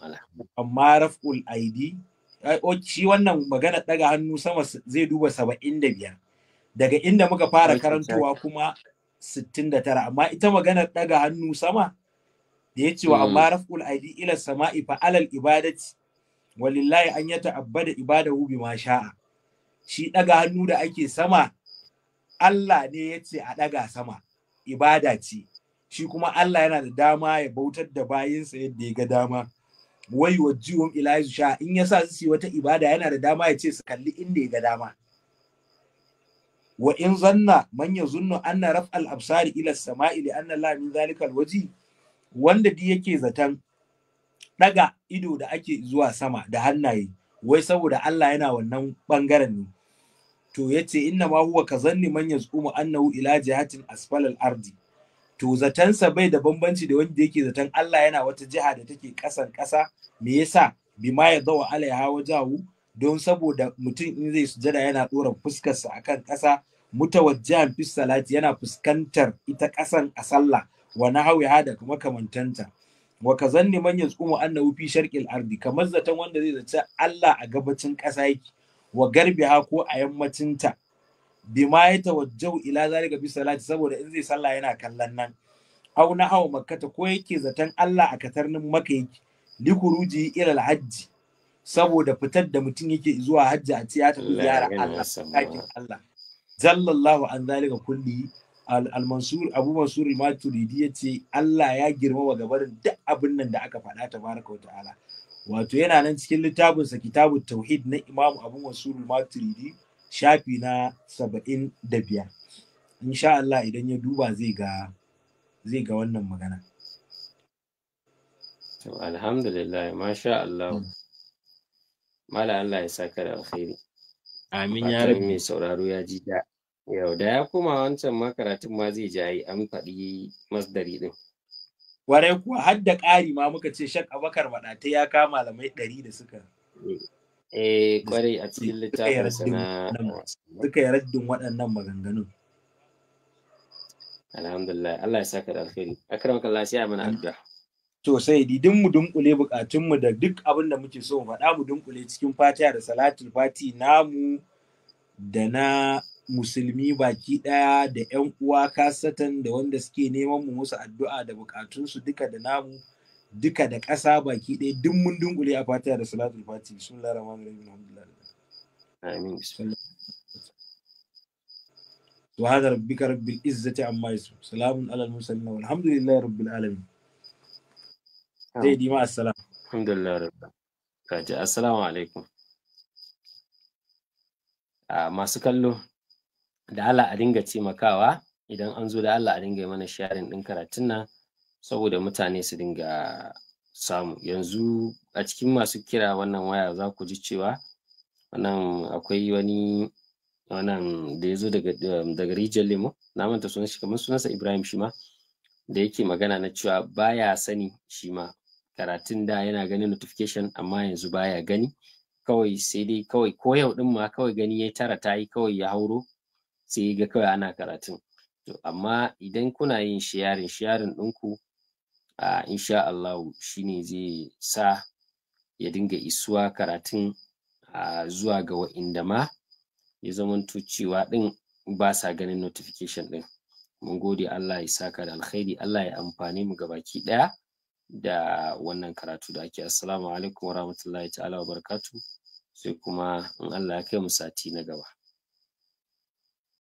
amma raf'ul aidi eh, shi wannan magana daga hannu sama zai duba saba'in da biyar daga inda muka fara karantowa kuma sittin da tara amma ita maganar daga hannu sama da ya ce wa mm. amma raf'ul aidi ila sama'i fa alal ibadati walillahi an ya ta'abbada ibadahu ma sha'a shi daga hannu da ake sama Allah ne ya ce a daga sama ibada ce shi kuma Allah yana da dama ya bautar da bayinsa yadda ya ga dama wai wa jiwon ilayu sha in ya sa su wata ibada yana da dama ya ce su kalli inda ya ga dama wa in zanna man ya zunnu anna raf'al absari ila sama'i li anna Allah min zalikal waji wanda di yake zaton daga ido da ake zuwa sama da hannaye wai saboda Allah yana wannan bangaren ne to yace inna ma huwa kazanni man yazqumu annahu ila jihatin asfalal ardi to zatansa bai da bambanci da wanda yake zaton Allah yana wata jiha da take ƙasan ƙasa me yasa bima ya zawa alaiha wajahu don saboda mutum in zai sujada yana fuskar fuskarsa akan ƙasa mutawajjihan fi salati yana fuskantar ita ƙasan a sallah wa na hada da Kamantanta. wa kazanni man yazqumu annahu fi sharqil ardi kamar zaton wanda zai zaci Allah a gabacin ƙasa yake wa garbiha ko a yammacinta. bima ya tawajjau ila zalika bi salati saboda in zai sallah yana kallon nan aw na hawa makkata ko yake zaton Allah a katarnin maka yake likuruji ila alhajji saboda fitar da mutum yake zuwa hajji a tiyata ya ziyara Allah sakin Allah jallallahu an zalika kulli al-mansur abu mansur maturidi yace Allah ya girma wa gabarin duk abin nan da aka faɗa tabaraka wa ta'ala wato yana nan cikin littafin sa kitabut tauhid na imamu abu mansur maturidi shafi na saba'in da biyar insha Allah idan ya duba zai ga zai ga wannan magana to alhamdulillah masha Allah hmm. mala Allah ya saka da alkhairi amin ya rabu mai sauraro ya ji da yau da ya koma wancan makaratun ma zai ji an faɗi masdari din warai kuwa har da ƙari ma muka ce shak abakar wadatai ya kama malamai ɗari da suka eh. eh kwarai a cikin littafin na duka ya raddin waɗannan maganganun alhamdulillah Allah ya saka da alkhairi akramaka Allah sai mana addu'a to sai didin mu dunkule bukatun mu da duk abin da muke so mu faɗa mu dunkule cikin fatiha da salatul fati namu da na musulmi baki ɗaya da 'yan uwa kasatan da wanda suke neman mu musu addu'a da bukatunsu duka da namu duka da ƙasa baki ɗaya duk mun dunkule a fatiha da salatul fatiha bismillahir rahman rahim alhamdulillah amin wa hada rabbika rabbil izzati amma yasu salamun alal mursalin walhamdulillahi rabbil alamin sai dima assalam alhamdulillah rabbil kaji assalamu alaikum ah, masu kallo da Allah a dinga taimakawa idan an zo da Allah a dinga mana sharing din karatun nan saboda mutane su dinga samu yanzu a cikin masu kira wannan waya za ku ji cewa wannan akwai wani wannan da ya zo daga um, rijiyar lemo na manta sunan shi kamar sunansa ibrahim shi ma da yake magana na cewa baya sani shi ma karatun da yana ganin notification amma yanzu baya gani kawai sai dai kawai ko yau din ma kawai gani ya tara ta yi kawai ya hauro sai ga kawai ana karatun to amma idan kuna yin shiyarin shiyarin ɗinku uh, insha Allah ne zai sa ya dinga isuwa karatun zuwa ga wa'inda ma ya zamanto cewa ɗin ba sa ganin notification ɗin mun gode Allah ya saka da alkhairi Allah ya amfani mu gabaki ɗaya da wannan karatu da ake assalamu alaikum wa rahmatullahi ta'ala wa barakatu sai kuma in Allah ya kai mu sati na gaba